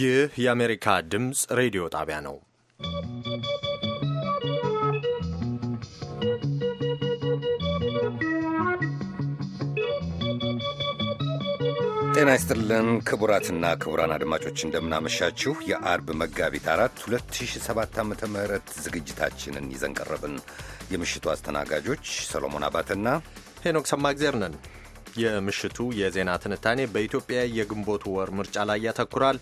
ይህ የአሜሪካ ድምፅ ሬዲዮ ጣቢያ ነው። ጤና ይስጥልን ክቡራትና ክቡራን አድማጮች እንደምናመሻችሁ። የአርብ መጋቢት አራት 2007 ዓ ም ዝግጅታችንን ይዘን ቀረብን። የምሽቱ አስተናጋጆች ሰሎሞን አባተና ሄኖክ ሰማግዜር ነን። የምሽቱ የዜና ትንታኔ በኢትዮጵያ የግንቦት ወር ምርጫ ላይ ያተኩራል።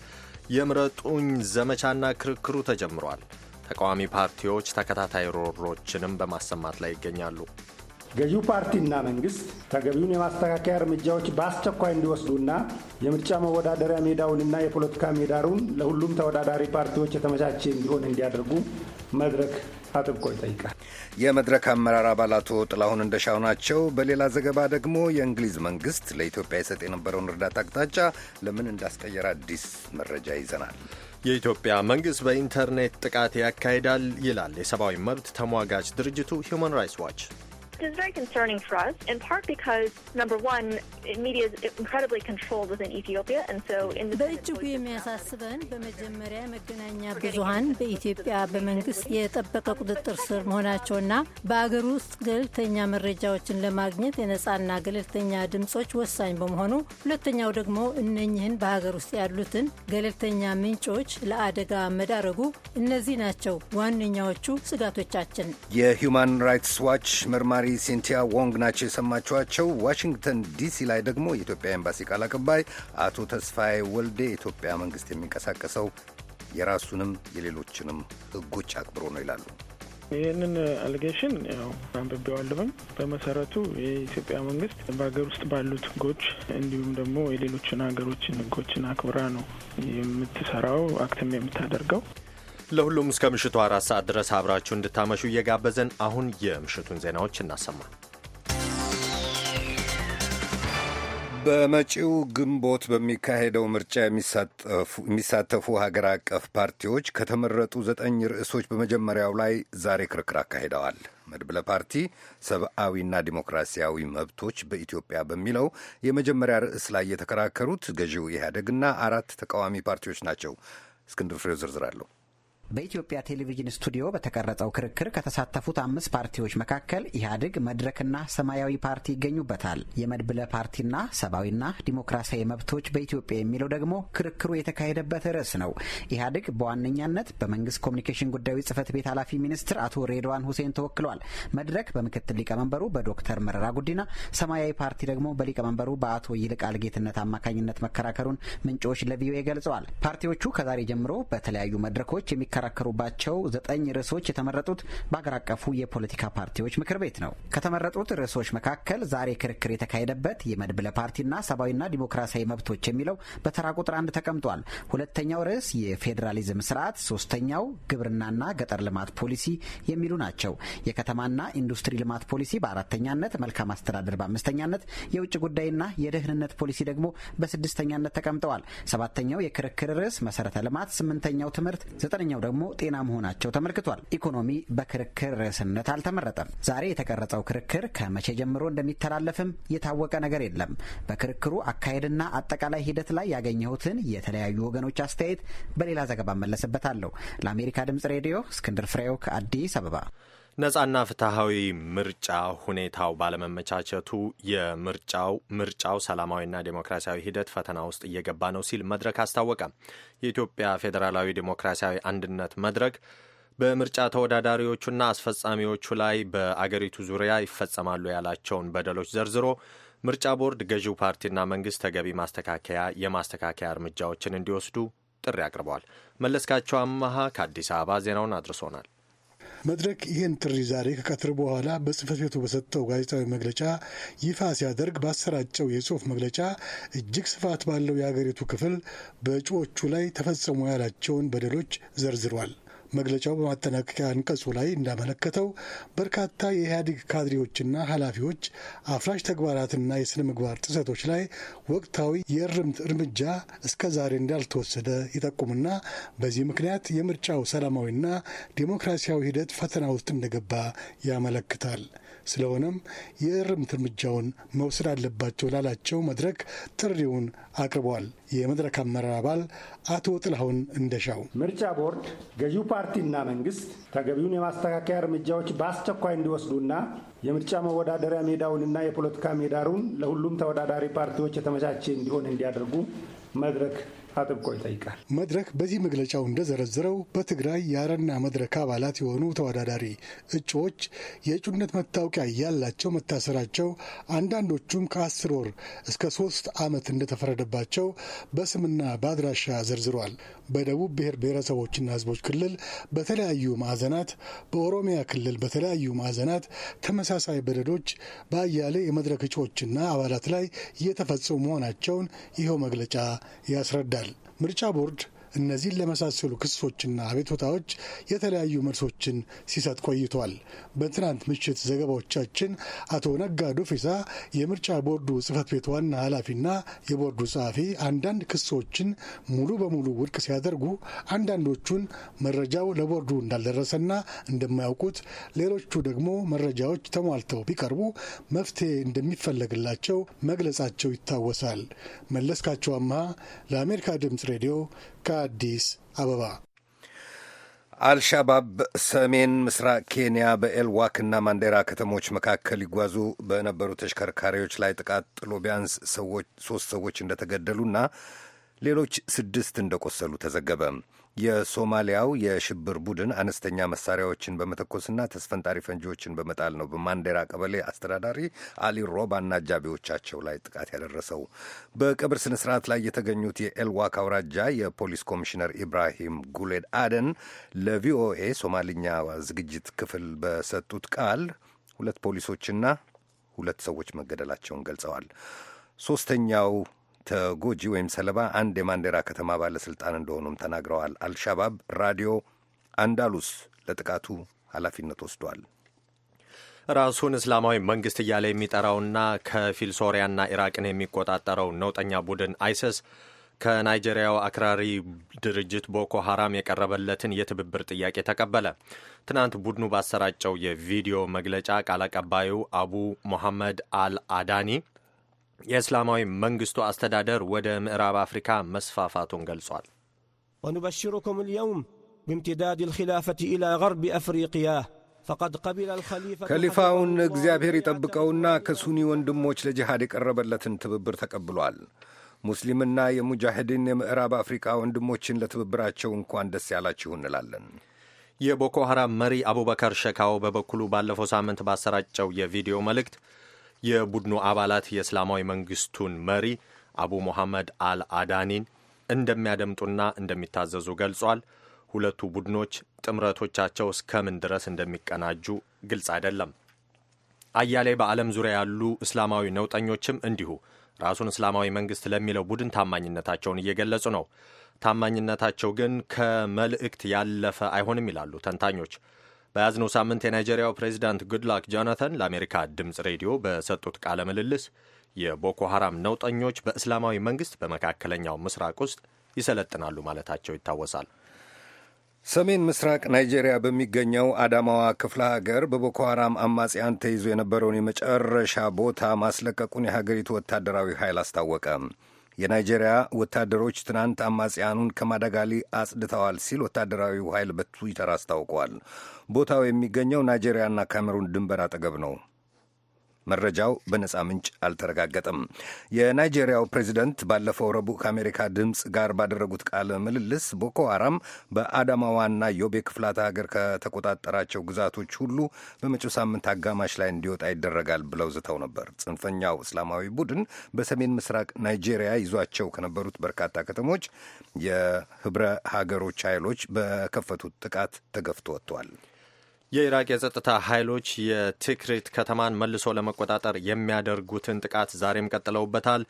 የምረጡኝ ዘመቻና ክርክሩ ተጀምሯል። ተቃዋሚ ፓርቲዎች ተከታታይ ሮሮችንም በማሰማት ላይ ይገኛሉ። ገዢው ፓርቲና መንግስት ተገቢውን የማስተካከያ እርምጃዎች በአስቸኳይ እንዲወስዱና የምርጫ መወዳደሪያ ሜዳውንና የፖለቲካ ሜዳሩን ለሁሉም ተወዳዳሪ ፓርቲዎች የተመቻቸ እንዲሆን እንዲያደርጉ መድረክ አጥብቆ ይጠይቃል። የመድረክ አመራር አባል አቶ ጥላሁን እንደሻው ናቸው። በሌላ ዘገባ ደግሞ የእንግሊዝ መንግስት ለኢትዮጵያ ይሰጥ የነበረውን እርዳታ አቅጣጫ ለምን እንዳስቀየረ አዲስ መረጃ ይዘናል። የኢትዮጵያ መንግስት በኢንተርኔት ጥቃት ያካሂዳል ይላል የሰብአዊ መብት ተሟጋች ድርጅቱ ሁማን ራይትስ ዋች። is very concerning for us, in part because, number one, media is incredibly controlled within Ethiopia, and so in the በእጅጉ የሚያሳስበን በመጀመሪያ መገናኛ ብዙኃን በኢትዮጵያ በመንግስት የጠበቀ ቁጥጥር ስር መሆናቸውና በአገር ውስጥ ገለልተኛ መረጃዎችን ለማግኘት የነጻና ገለልተኛ ድምጾች ወሳኝ በመሆኑ፣ ሁለተኛው ደግሞ እነኝህን በሀገር ውስጥ ያሉትን ገለልተኛ ምንጮች ለአደጋ መዳረጉ። እነዚህ ናቸው ዋነኛዎቹ ስጋቶቻችን። የሂውማን ራይትስ ዋች መርማሪ ተጠሪ ሲንቲያ ዎንግ ናቸው የሰማችኋቸው። ዋሽንግተን ዲሲ ላይ ደግሞ የኢትዮጵያ ኤምባሲ ቃል አቀባይ አቶ ተስፋዬ ወልዴ የኢትዮጵያ መንግስት የሚንቀሳቀሰው የራሱንም የሌሎችንም ህጎች አክብሮ ነው ይላሉ። ይህንን አሊጌሽን ያው አንብቤዋለሁም። በመሰረቱ የኢትዮጵያ መንግስት በሀገር ውስጥ ባሉት ህጎች እንዲሁም ደግሞ የሌሎችን ሀገሮችን ህጎችን አክብራ ነው የምትሰራው አክትም የምታደርገው ለሁሉም እስከ ምሽቱ አራት ሰዓት ድረስ አብራችሁ እንድታመሹ እየጋበዘን አሁን የምሽቱን ዜናዎች እናሰማል። በመጪው ግንቦት በሚካሄደው ምርጫ የሚሳተፉ ሀገር አቀፍ ፓርቲዎች ከተመረጡ ዘጠኝ ርዕሶች በመጀመሪያው ላይ ዛሬ ክርክር አካሂደዋል። መድብለ ፓርቲ ሰብአዊና ዲሞክራሲያዊ መብቶች በኢትዮጵያ በሚለው የመጀመሪያ ርዕስ ላይ የተከራከሩት ገዢው ኢህአደግና አራት ተቃዋሚ ፓርቲዎች ናቸው። እስክንድር ፍሬው ዝርዝር አለው። በኢትዮጵያ ቴሌቪዥን ስቱዲዮ በተቀረጸው ክርክር ከተሳተፉት አምስት ፓርቲዎች መካከል ኢህአዴግ፣ መድረክና ሰማያዊ ፓርቲ ይገኙበታል። የመድብለ ፓርቲና ሰብአዊና ዲሞክራሲያዊ መብቶች በኢትዮጵያ የሚለው ደግሞ ክርክሩ የተካሄደበት ርዕስ ነው። ኢህአዴግ በዋነኛነት በመንግስት ኮሚኒኬሽን ጉዳዮች ጽህፈት ቤት ኃላፊ ሚኒስትር አቶ ሬድዋን ሁሴን ተወክሏል። መድረክ በምክትል ሊቀመንበሩ በዶክተር መረራ ጉዲና፣ ሰማያዊ ፓርቲ ደግሞ በሊቀመንበሩ በአቶ ይልቃል ጌትነት አማካኝነት መከራከሩን ምንጮች ለቪኦኤ ገልጸዋል። ፓርቲዎቹ ከዛሬ ጀምሮ በተለያዩ መድረኮች የሚካ ከሚከራከሩባቸው ዘጠኝ ርዕሶች የተመረጡት በአገር አቀፉ የፖለቲካ ፓርቲዎች ምክር ቤት ነው። ከተመረጡት ርዕሶች መካከል ዛሬ ክርክር የተካሄደበት የመድብለ ፓርቲና ሰብአዊና ዲሞክራሲያዊ መብቶች የሚለው በተራ ቁጥር አንድ ተቀምጧል። ሁለተኛው ርዕስ የፌዴራሊዝም ስርዓት፣ ሶስተኛው ግብርናና ገጠር ልማት ፖሊሲ የሚሉ ናቸው። የከተማና ኢንዱስትሪ ልማት ፖሊሲ በአራተኛነት፣ መልካም አስተዳደር በአምስተኛነት፣ የውጭ ጉዳይና የደህንነት ፖሊሲ ደግሞ በስድስተኛነት ተቀምጠዋል። ሰባተኛው የክርክር ርዕስ መሰረተ ልማት፣ ስምንተኛው ትምህርት፣ ዘጠነኛው ደግሞ ጤና መሆናቸው ተመልክቷል። ኢኮኖሚ በክርክር ርዕስነት አልተመረጠም። ዛሬ የተቀረጸው ክርክር ከመቼ ጀምሮ እንደሚተላለፍም የታወቀ ነገር የለም። በክርክሩ አካሄድና አጠቃላይ ሂደት ላይ ያገኘሁትን የተለያዩ ወገኖች አስተያየት በሌላ ዘገባ መለስበታለሁ። ለአሜሪካ ድምጽ ሬዲዮ እስክንድር ፍሬው ከአዲስ አበባ ነጻና ፍትሐዊ ምርጫ ሁኔታው ባለመመቻቸቱ የምርጫው ምርጫው ሰላማዊና ዴሞክራሲያዊ ሂደት ፈተና ውስጥ እየገባ ነው ሲል መድረክ አስታወቀ። የኢትዮጵያ ፌዴራላዊ ዴሞክራሲያዊ አንድነት መድረክ በምርጫ ተወዳዳሪዎቹና አስፈጻሚዎቹ ላይ በአገሪቱ ዙሪያ ይፈጸማሉ ያላቸውን በደሎች ዘርዝሮ ምርጫ ቦርድ ገዢው ፓርቲና መንግስት ተገቢ ማስተካከያ የማስተካከያ እርምጃዎችን እንዲወስዱ ጥሪ አቅርበዋል። መለስካቸው አመሃ ከአዲስ አበባ ዜናውን አድርሶናል። መድረክ ይህን ጥሪ ዛሬ ከቀትር በኋላ በጽህፈት ቤቱ በሰጠው ጋዜጣዊ መግለጫ ይፋ ሲያደርግ ባሰራጨው የጽሁፍ መግለጫ እጅግ ስፋት ባለው የሀገሪቱ ክፍል በእጩዎቹ ላይ ተፈጸሙ ያላቸውን በደሎች ዘርዝሯል። መግለጫው በማጠናቀቂያ አንቀጹ ላይ እንዳመለከተው በርካታ የኢህአዴግ ካድሬዎችና ኃላፊዎች አፍራሽ ተግባራትና የስነ ምግባር ጥሰቶች ላይ ወቅታዊ የእርምት እርምጃ እስከ ዛሬ እንዳልተወሰደ ይጠቁምና በዚህ ምክንያት የምርጫው ሰላማዊና ዴሞክራሲያዊ ሂደት ፈተና ውስጥ እንደገባ ያመለክታል። ስለሆነም የእርምት እርምጃውን መውሰድ አለባቸው ላላቸው መድረክ ጥሪውን አቅርቧል። የመድረክ አመራር አባል አቶ ጥላሁን እንደሻው ምርጫ ቦርድ ገዢው ፓርቲና መንግስት ተገቢውን የማስተካከያ እርምጃዎች በአስቸኳይ እንዲወስዱና የምርጫ መወዳደሪያ ሜዳውንና የፖለቲካ ሜዳሩን ለሁሉም ተወዳዳሪ ፓርቲዎች የተመቻቸ እንዲሆን እንዲያደርጉ መድረክ አጥብቆ ይጠይቃል። መድረክ በዚህ መግለጫው እንደዘረዝረው በትግራይ የአረና መድረክ አባላት የሆኑ ተወዳዳሪ እጩዎች የእጩነት መታወቂያ ያላቸው መታሰራቸው፣ አንዳንዶቹም ከአስር ወር እስከ ሶስት ዓመት እንደተፈረደባቸው በስምና በአድራሻ ዘርዝሯል። በደቡብ ብሔር ብሔረሰቦችና ሕዝቦች ክልል በተለያዩ ማዕዘናት፣ በኦሮሚያ ክልል በተለያዩ ማዕዘናት ተመሳሳይ በደዶች በአያሌ የመድረክ እጩዎችና አባላት ላይ እየተፈጸሙ መሆናቸውን ይኸው መግለጫ ያስረዳል። ምርጫ ቦርድ እነዚህን ለመሳሰሉ ክሶችና አቤቱታዎች የተለያዩ መልሶችን ሲሰጥ ቆይቷል። በትናንት ምሽት ዘገባዎቻችን አቶ ነጋ ዱፊሳ የምርጫ ቦርዱ ጽህፈት ቤት ዋና ኃላፊና የቦርዱ ጸሐፊ አንዳንድ ክሶችን ሙሉ በሙሉ ውድቅ ሲያደርጉ፣ አንዳንዶቹን መረጃው ለቦርዱ እንዳልደረሰና እንደማያውቁት፣ ሌሎቹ ደግሞ መረጃዎች ተሟልተው ቢቀርቡ መፍትሄ እንደሚፈለግላቸው መግለጻቸው ይታወሳል። መለስካቸው አምሃ ለአሜሪካ ድምፅ ሬዲዮ ከአዲስ አበባ አልሻባብ ሰሜን ምስራቅ ኬንያ በኤልዋክና ማንዴራ ከተሞች መካከል ይጓዙ በነበሩ ተሽከርካሪዎች ላይ ጥቃት ጥሎ ቢያንስ ሶስት ሰዎች እንደተገደሉና ሌሎች ስድስት እንደቆሰሉ ተዘገበ። የሶማሊያው የሽብር ቡድን አነስተኛ መሳሪያዎችን በመተኮስና ተስፈንጣሪ ፈንጂዎችን በመጣል ነው በማንዴራ ቀበሌ አስተዳዳሪ አሊ ሮባና አጃቢዎቻቸው ላይ ጥቃት ያደረሰው። በቀብር ስነ ስርዓት ላይ የተገኙት የኤልዋክ አውራጃ የፖሊስ ኮሚሽነር ኢብራሂም ጉሌድ አደን ለቪኦኤ ሶማልኛ ዝግጅት ክፍል በሰጡት ቃል ሁለት ፖሊሶችና ሁለት ሰዎች መገደላቸውን ገልጸዋል። ሶስተኛው ተጎጂ ወይም ሰለባ አንድ የማንዴራ ከተማ ባለሥልጣን እንደሆኑም ተናግረዋል። አልሻባብ ራዲዮ አንዳሉስ ለጥቃቱ ኃላፊነት ወስዷል። ራሱን እስላማዊ መንግሥት እያለ የሚጠራውና ከፊል ሶሪያና ኢራቅን የሚቆጣጠረው ነውጠኛ ቡድን አይሰስ ከናይጄሪያው አክራሪ ድርጅት ቦኮ ሐራም የቀረበለትን የትብብር ጥያቄ ተቀበለ። ትናንት ቡድኑ ባሰራጨው የቪዲዮ መግለጫ ቃል አቀባዩ አቡ ሞሐመድ አል አዳኒ የእስላማዊ መንግስቱ አስተዳደር ወደ ምዕራብ አፍሪካ መስፋፋቱን ገልጿል። ወኑበሽሩኩም ልየውም ብምትዳድ ልኪላፈት ኢላ ገርቢ አፍሪቅያ ከሊፋውን እግዚአብሔር ይጠብቀውና ከሱኒ ወንድሞች ለጅሃድ የቀረበለትን ትብብር ተቀብሏል። ሙስሊምና የሙጃሂድን የምዕራብ አፍሪቃ ወንድሞችን ለትብብራቸው እንኳን ደስ ያላችሁ እንላለን። የቦኮ ሐራም መሪ አቡበከር ሸካው በበኩሉ ባለፈው ሳምንት ባሰራጨው የቪዲዮ መልእክት የቡድኑ አባላት የእስላማዊ መንግስቱን መሪ አቡ ሞሐመድ አል አዳኒን እንደሚያደምጡና እንደሚታዘዙ ገልጿል። ሁለቱ ቡድኖች ጥምረቶቻቸው እስከምን ድረስ እንደሚቀናጁ ግልጽ አይደለም። አያሌ በዓለም ዙሪያ ያሉ እስላማዊ ነውጠኞችም እንዲሁ ራሱን እስላማዊ መንግስት ለሚለው ቡድን ታማኝነታቸውን እየገለጹ ነው። ታማኝነታቸው ግን ከመልእክት ያለፈ አይሆንም ይላሉ ተንታኞች። በያዝነው ሳምንት የናይጄሪያው ፕሬዚዳንት ጉድላክ ጆናተን ለአሜሪካ ድምፅ ሬዲዮ በሰጡት ቃለ ምልልስ የቦኮ ሐራም ነውጠኞች በእስላማዊ መንግሥት በመካከለኛው ምስራቅ ውስጥ ይሰለጥናሉ ማለታቸው ይታወሳል። ሰሜን ምስራቅ ናይጄሪያ በሚገኘው አዳማዋ ክፍለ ሀገር በቦኮ ሐራም አማጽያን ተይዞ የነበረውን የመጨረሻ ቦታ ማስለቀቁን የሀገሪቱ ወታደራዊ ኃይል አስታወቀ። የናይጄሪያ ወታደሮች ትናንት አማጽያኑን ከማዳጋሊ አጽድተዋል ሲል ወታደራዊው ኃይል በትዊተር አስታውቋል። ቦታው የሚገኘው ናይጄሪያና ካሜሩን ድንበር አጠገብ ነው። መረጃው በነፃ ምንጭ አልተረጋገጠም። የናይጄሪያው ፕሬዚደንት ባለፈው ረቡዕ ከአሜሪካ ድምፅ ጋር ባደረጉት ቃለ ምልልስ ቦኮ ሐራም በአዳማዋና ዮቤ ክፍላተ ሀገር ከተቆጣጠራቸው ግዛቶች ሁሉ በመጪው ሳምንት አጋማሽ ላይ እንዲወጣ ይደረጋል ብለው ዝተው ነበር። ጽንፈኛው እስላማዊ ቡድን በሰሜን ምስራቅ ናይጄሪያ ይዟቸው ከነበሩት በርካታ ከተሞች የህብረ ሀገሮች ኃይሎች በከፈቱት ጥቃት ተገፍቶ ወጥቷል። የኢራቅ የጸጥታ ኃይሎች የትክሪት ከተማን መልሶ ለመቆጣጠር የሚያደርጉትን ጥቃት ዛሬም ቀጥለውበታል።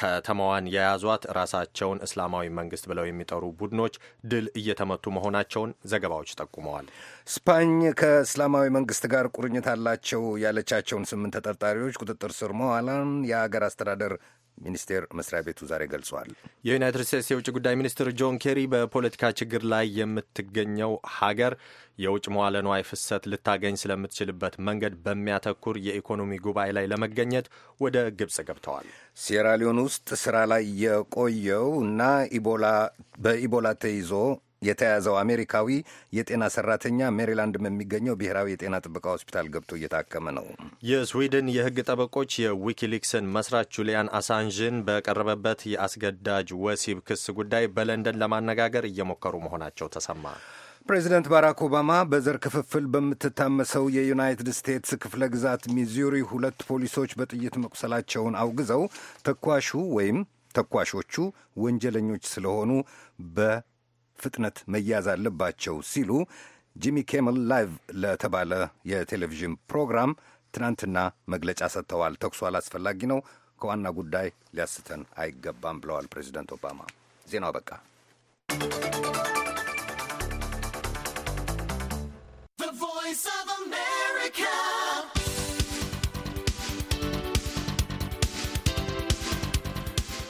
ከተማዋን የያዟት ራሳቸውን እስላማዊ መንግስት ብለው የሚጠሩ ቡድኖች ድል እየተመቱ መሆናቸውን ዘገባዎች ጠቁመዋል። ስፓኝ ከእስላማዊ መንግስት ጋር ቁርኝት አላቸው ያለቻቸውን ስምንት ተጠርጣሪዎች ቁጥጥር ስር መዋላን የአገር አስተዳደር ሚኒስቴር መስሪያ ቤቱ ዛሬ ገልጿል። የዩናይትድ ስቴትስ የውጭ ጉዳይ ሚኒስትር ጆን ኬሪ በፖለቲካ ችግር ላይ የምትገኘው ሀገር የውጭ መዋለ ንዋይ ፍሰት ልታገኝ ስለምትችልበት መንገድ በሚያተኩር የኢኮኖሚ ጉባኤ ላይ ለመገኘት ወደ ግብጽ ገብተዋል። ሴራሊዮን ውስጥ ስራ ላይ የቆየው እና ኢቦላ በኢቦላ ተይዞ የተያዘው አሜሪካዊ የጤና ሰራተኛ ሜሪላንድ የሚገኘው ብሔራዊ የጤና ጥበቃ ሆስፒታል ገብቶ እየታከመ ነው። የስዊድን የህግ ጠበቆች የዊኪሊክስን መስራች ጁሊያን አሳንዥን በቀረበበት የአስገዳጅ ወሲብ ክስ ጉዳይ በለንደን ለማነጋገር እየሞከሩ መሆናቸው ተሰማ። ፕሬዚደንት ባራክ ኦባማ በዘር ክፍፍል በምትታመሰው የዩናይትድ ስቴትስ ክፍለ ግዛት ሚዙሪ ሁለት ፖሊሶች በጥይት መቁሰላቸውን አውግዘው ተኳሹ ወይም ተኳሾቹ ወንጀለኞች ስለሆኑ በ ፍጥነት መያዝ አለባቸው ሲሉ ጂሚ ኬምል ላይቭ ለተባለ የቴሌቪዥን ፕሮግራም ትናንትና መግለጫ ሰጥተዋል። ተኩሱ አላስፈላጊ ነው፣ ከዋና ጉዳይ ሊያስተን አይገባም ብለዋል ፕሬዚደንት ኦባማ። ዜናው አበቃ።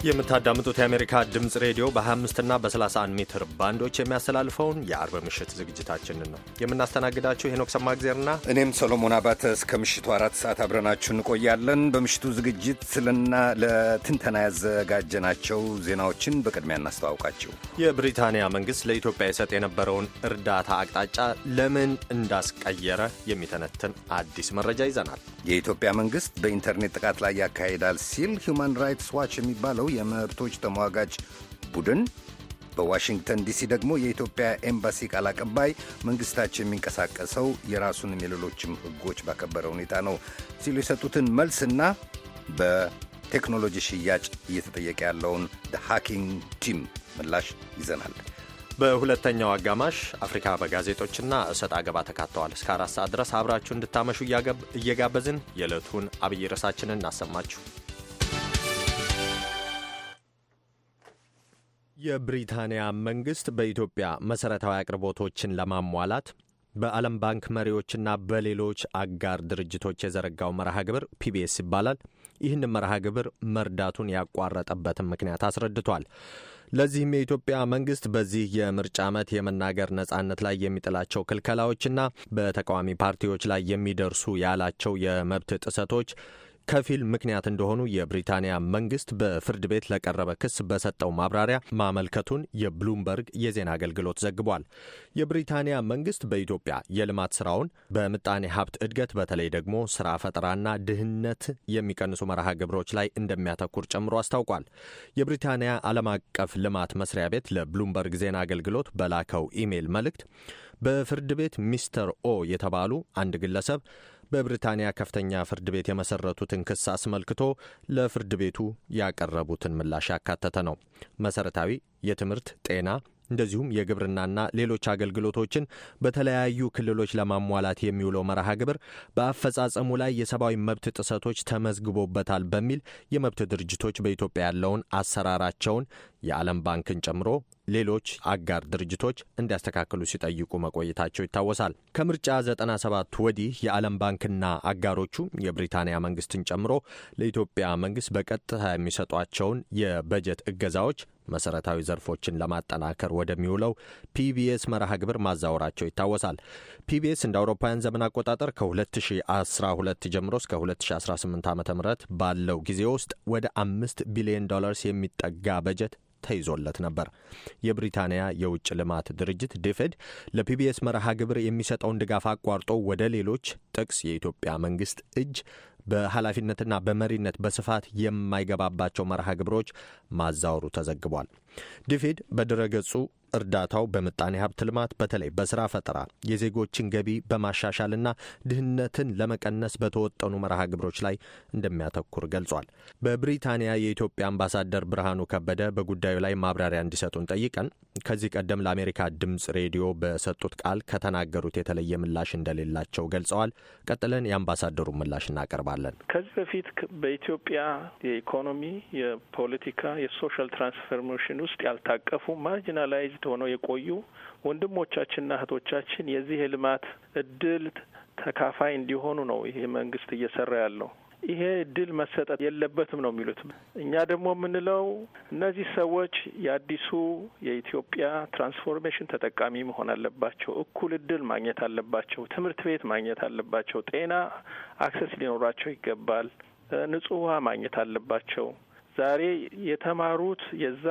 የምታዳምጡት የአሜሪካ ድምፅ ሬዲዮ በ25 ና በ31 ሜትር ባንዶች የሚያስተላልፈውን የአርብ ምሽት ዝግጅታችንን ነው የምናስተናግዳችሁ። ሄኖክ ሰማግዜርና እኔም ሰሎሞን አባተ እስከ ምሽቱ አራት ሰዓት አብረናችሁ እንቆያለን። በምሽቱ ዝግጅት ስልና ለትንተና ያዘጋጀናቸው ዜናዎችን በቅድሚያ እናስተዋውቃችሁ። የብሪታንያ መንግሥት ለኢትዮጵያ ይሰጥ የነበረውን እርዳታ አቅጣጫ ለምን እንዳስቀየረ የሚተነትን አዲስ መረጃ ይዘናል። የኢትዮጵያ መንግሥት በኢንተርኔት ጥቃት ላይ ያካሂዳል ሲል ሂውማን ራይትስ ዋች የሚባለው የመብቶች ተሟጋች ቡድን በዋሽንግተን ዲሲ ደግሞ የኢትዮጵያ ኤምባሲ ቃል አቀባይ መንግስታቸው የሚንቀሳቀሰው የራሱንም የሌሎችም ህጎች ባከበረ ሁኔታ ነው ሲሉ የሰጡትን መልስና በቴክኖሎጂ ሽያጭ እየተጠየቀ ያለውን ሃኪንግ ቲም ምላሽ ይዘናል። በሁለተኛው አጋማሽ አፍሪካ በጋዜጦችና እሰጥ አገባ ተካተዋል። እስከ አራት ሰዓት ድረስ አብራችሁ እንድታመሹ እየጋበዝን የዕለቱን አብይ ርዕሳችንን እናሰማችሁ። የብሪታንያ መንግስት በኢትዮጵያ መሰረታዊ አቅርቦቶችን ለማሟላት በዓለም ባንክ መሪዎችና በሌሎች አጋር ድርጅቶች የዘረጋው መርሃ ግብር ፒቢኤስ ይባላል። ይህን መርሃ ግብር መርዳቱን ያቋረጠበትን ምክንያት አስረድቷል። ለዚህም የኢትዮጵያ መንግስት በዚህ የምርጫ ዓመት የመናገር ነጻነት ላይ የሚጥላቸው ክልከላዎችና በተቃዋሚ ፓርቲዎች ላይ የሚደርሱ ያላቸው የመብት ጥሰቶች ከፊል ምክንያት እንደሆኑ የብሪታንያ መንግስት በፍርድ ቤት ለቀረበ ክስ በሰጠው ማብራሪያ ማመልከቱን የብሉምበርግ የዜና አገልግሎት ዘግቧል። የብሪታንያ መንግስት በኢትዮጵያ የልማት ስራውን በምጣኔ ሀብት እድገት በተለይ ደግሞ ስራ ፈጠራና ድህነት የሚቀንሱ መርሃ ግብሮች ላይ እንደሚያተኩር ጨምሮ አስታውቋል። የብሪታንያ ዓለም አቀፍ ልማት መስሪያ ቤት ለብሉምበርግ ዜና አገልግሎት በላከው ኢሜይል መልእክት በፍርድ ቤት ሚስተር ኦ የተባሉ አንድ ግለሰብ በብሪታንያ ከፍተኛ ፍርድ ቤት የመሰረቱትን ክስ አስመልክቶ ለፍርድ ቤቱ ያቀረቡትን ምላሽ ያካተተ ነው። መሰረታዊ የትምህርት፣ ጤና እንደዚሁም የግብርናና ሌሎች አገልግሎቶችን በተለያዩ ክልሎች ለማሟላት የሚውለው መርሃ ግብር በአፈጻጸሙ ላይ የሰብአዊ መብት ጥሰቶች ተመዝግቦበታል በሚል የመብት ድርጅቶች በኢትዮጵያ ያለውን አሰራራቸውን የዓለም ባንክን ጨምሮ ሌሎች አጋር ድርጅቶች እንዲያስተካክሉ ሲጠይቁ መቆየታቸው ይታወሳል። ከምርጫ 97 ወዲህ የዓለም ባንክና አጋሮቹ የብሪታንያ መንግስትን ጨምሮ ለኢትዮጵያ መንግስት በቀጥታ የሚሰጧቸውን የበጀት እገዛዎች መሰረታዊ ዘርፎችን ለማጠናከር ወደሚውለው ፒቢኤስ መርሃ ግብር ማዛወራቸው ይታወሳል። ፒቢኤስ እንደ አውሮፓውያን ዘመን አቆጣጠር ከ2012 ጀምሮ እስከ 2018 ዓ ም ባለው ጊዜ ውስጥ ወደ አምስት ቢሊዮን ዶላርስ የሚጠጋ በጀት ተይዞለት ነበር። የብሪታንያ የውጭ ልማት ድርጅት ድፍድ ለፒቢኤስ መርሃ ግብር የሚሰጠውን ድጋፍ አቋርጦ ወደ ሌሎች ጥቅስ የኢትዮጵያ መንግስት እጅ በኃላፊነትና በመሪነት በስፋት የማይገባባቸው መርሃ ግብሮች ማዛወሩ ተዘግቧል። ድፌድ በድረገጹ እርዳታው በምጣኔ ሀብት ልማት በተለይ በስራ ፈጠራ የዜጎችን ገቢ በማሻሻልና ድህነትን ለመቀነስ በተወጠኑ መርሃ ግብሮች ላይ እንደሚያተኩር ገልጿል። በብሪታንያ የኢትዮጵያ አምባሳደር ብርሃኑ ከበደ በጉዳዩ ላይ ማብራሪያ እንዲሰጡን ጠይቀን ከዚህ ቀደም ለአሜሪካ ድምፅ ሬዲዮ በሰጡት ቃል ከተናገሩት የተለየ ምላሽ እንደሌላቸው ገልጸዋል። ቀጥለን የአምባሳደሩን ምላሽ እናቀርባለን። ከዚህ በፊት በኢትዮጵያ የኢኮኖሚ፣ የፖለቲካ፣ የሶሻል ትራንስፎርሜሽን ውስጥ ያልታቀፉ ማርጂናላይዝ በፊት ሆነው የቆዩ ወንድሞቻችንና እህቶቻችን የዚህ የልማት እድል ተካፋይ እንዲሆኑ ነው ይሄ መንግስት እየሰራ ያለው። ይሄ እድል መሰጠት የለበትም ነው የሚሉት። እኛ ደግሞ የምንለው እነዚህ ሰዎች የአዲሱ የኢትዮጵያ ትራንስፎርሜሽን ተጠቃሚ መሆን አለባቸው። እኩል እድል ማግኘት አለባቸው። ትምህርት ቤት ማግኘት አለባቸው። ጤና አክሰስ ሊኖራቸው ይገባል። ንጹህ ውሃ ማግኘት አለባቸው። ዛሬ የተማሩት የዛ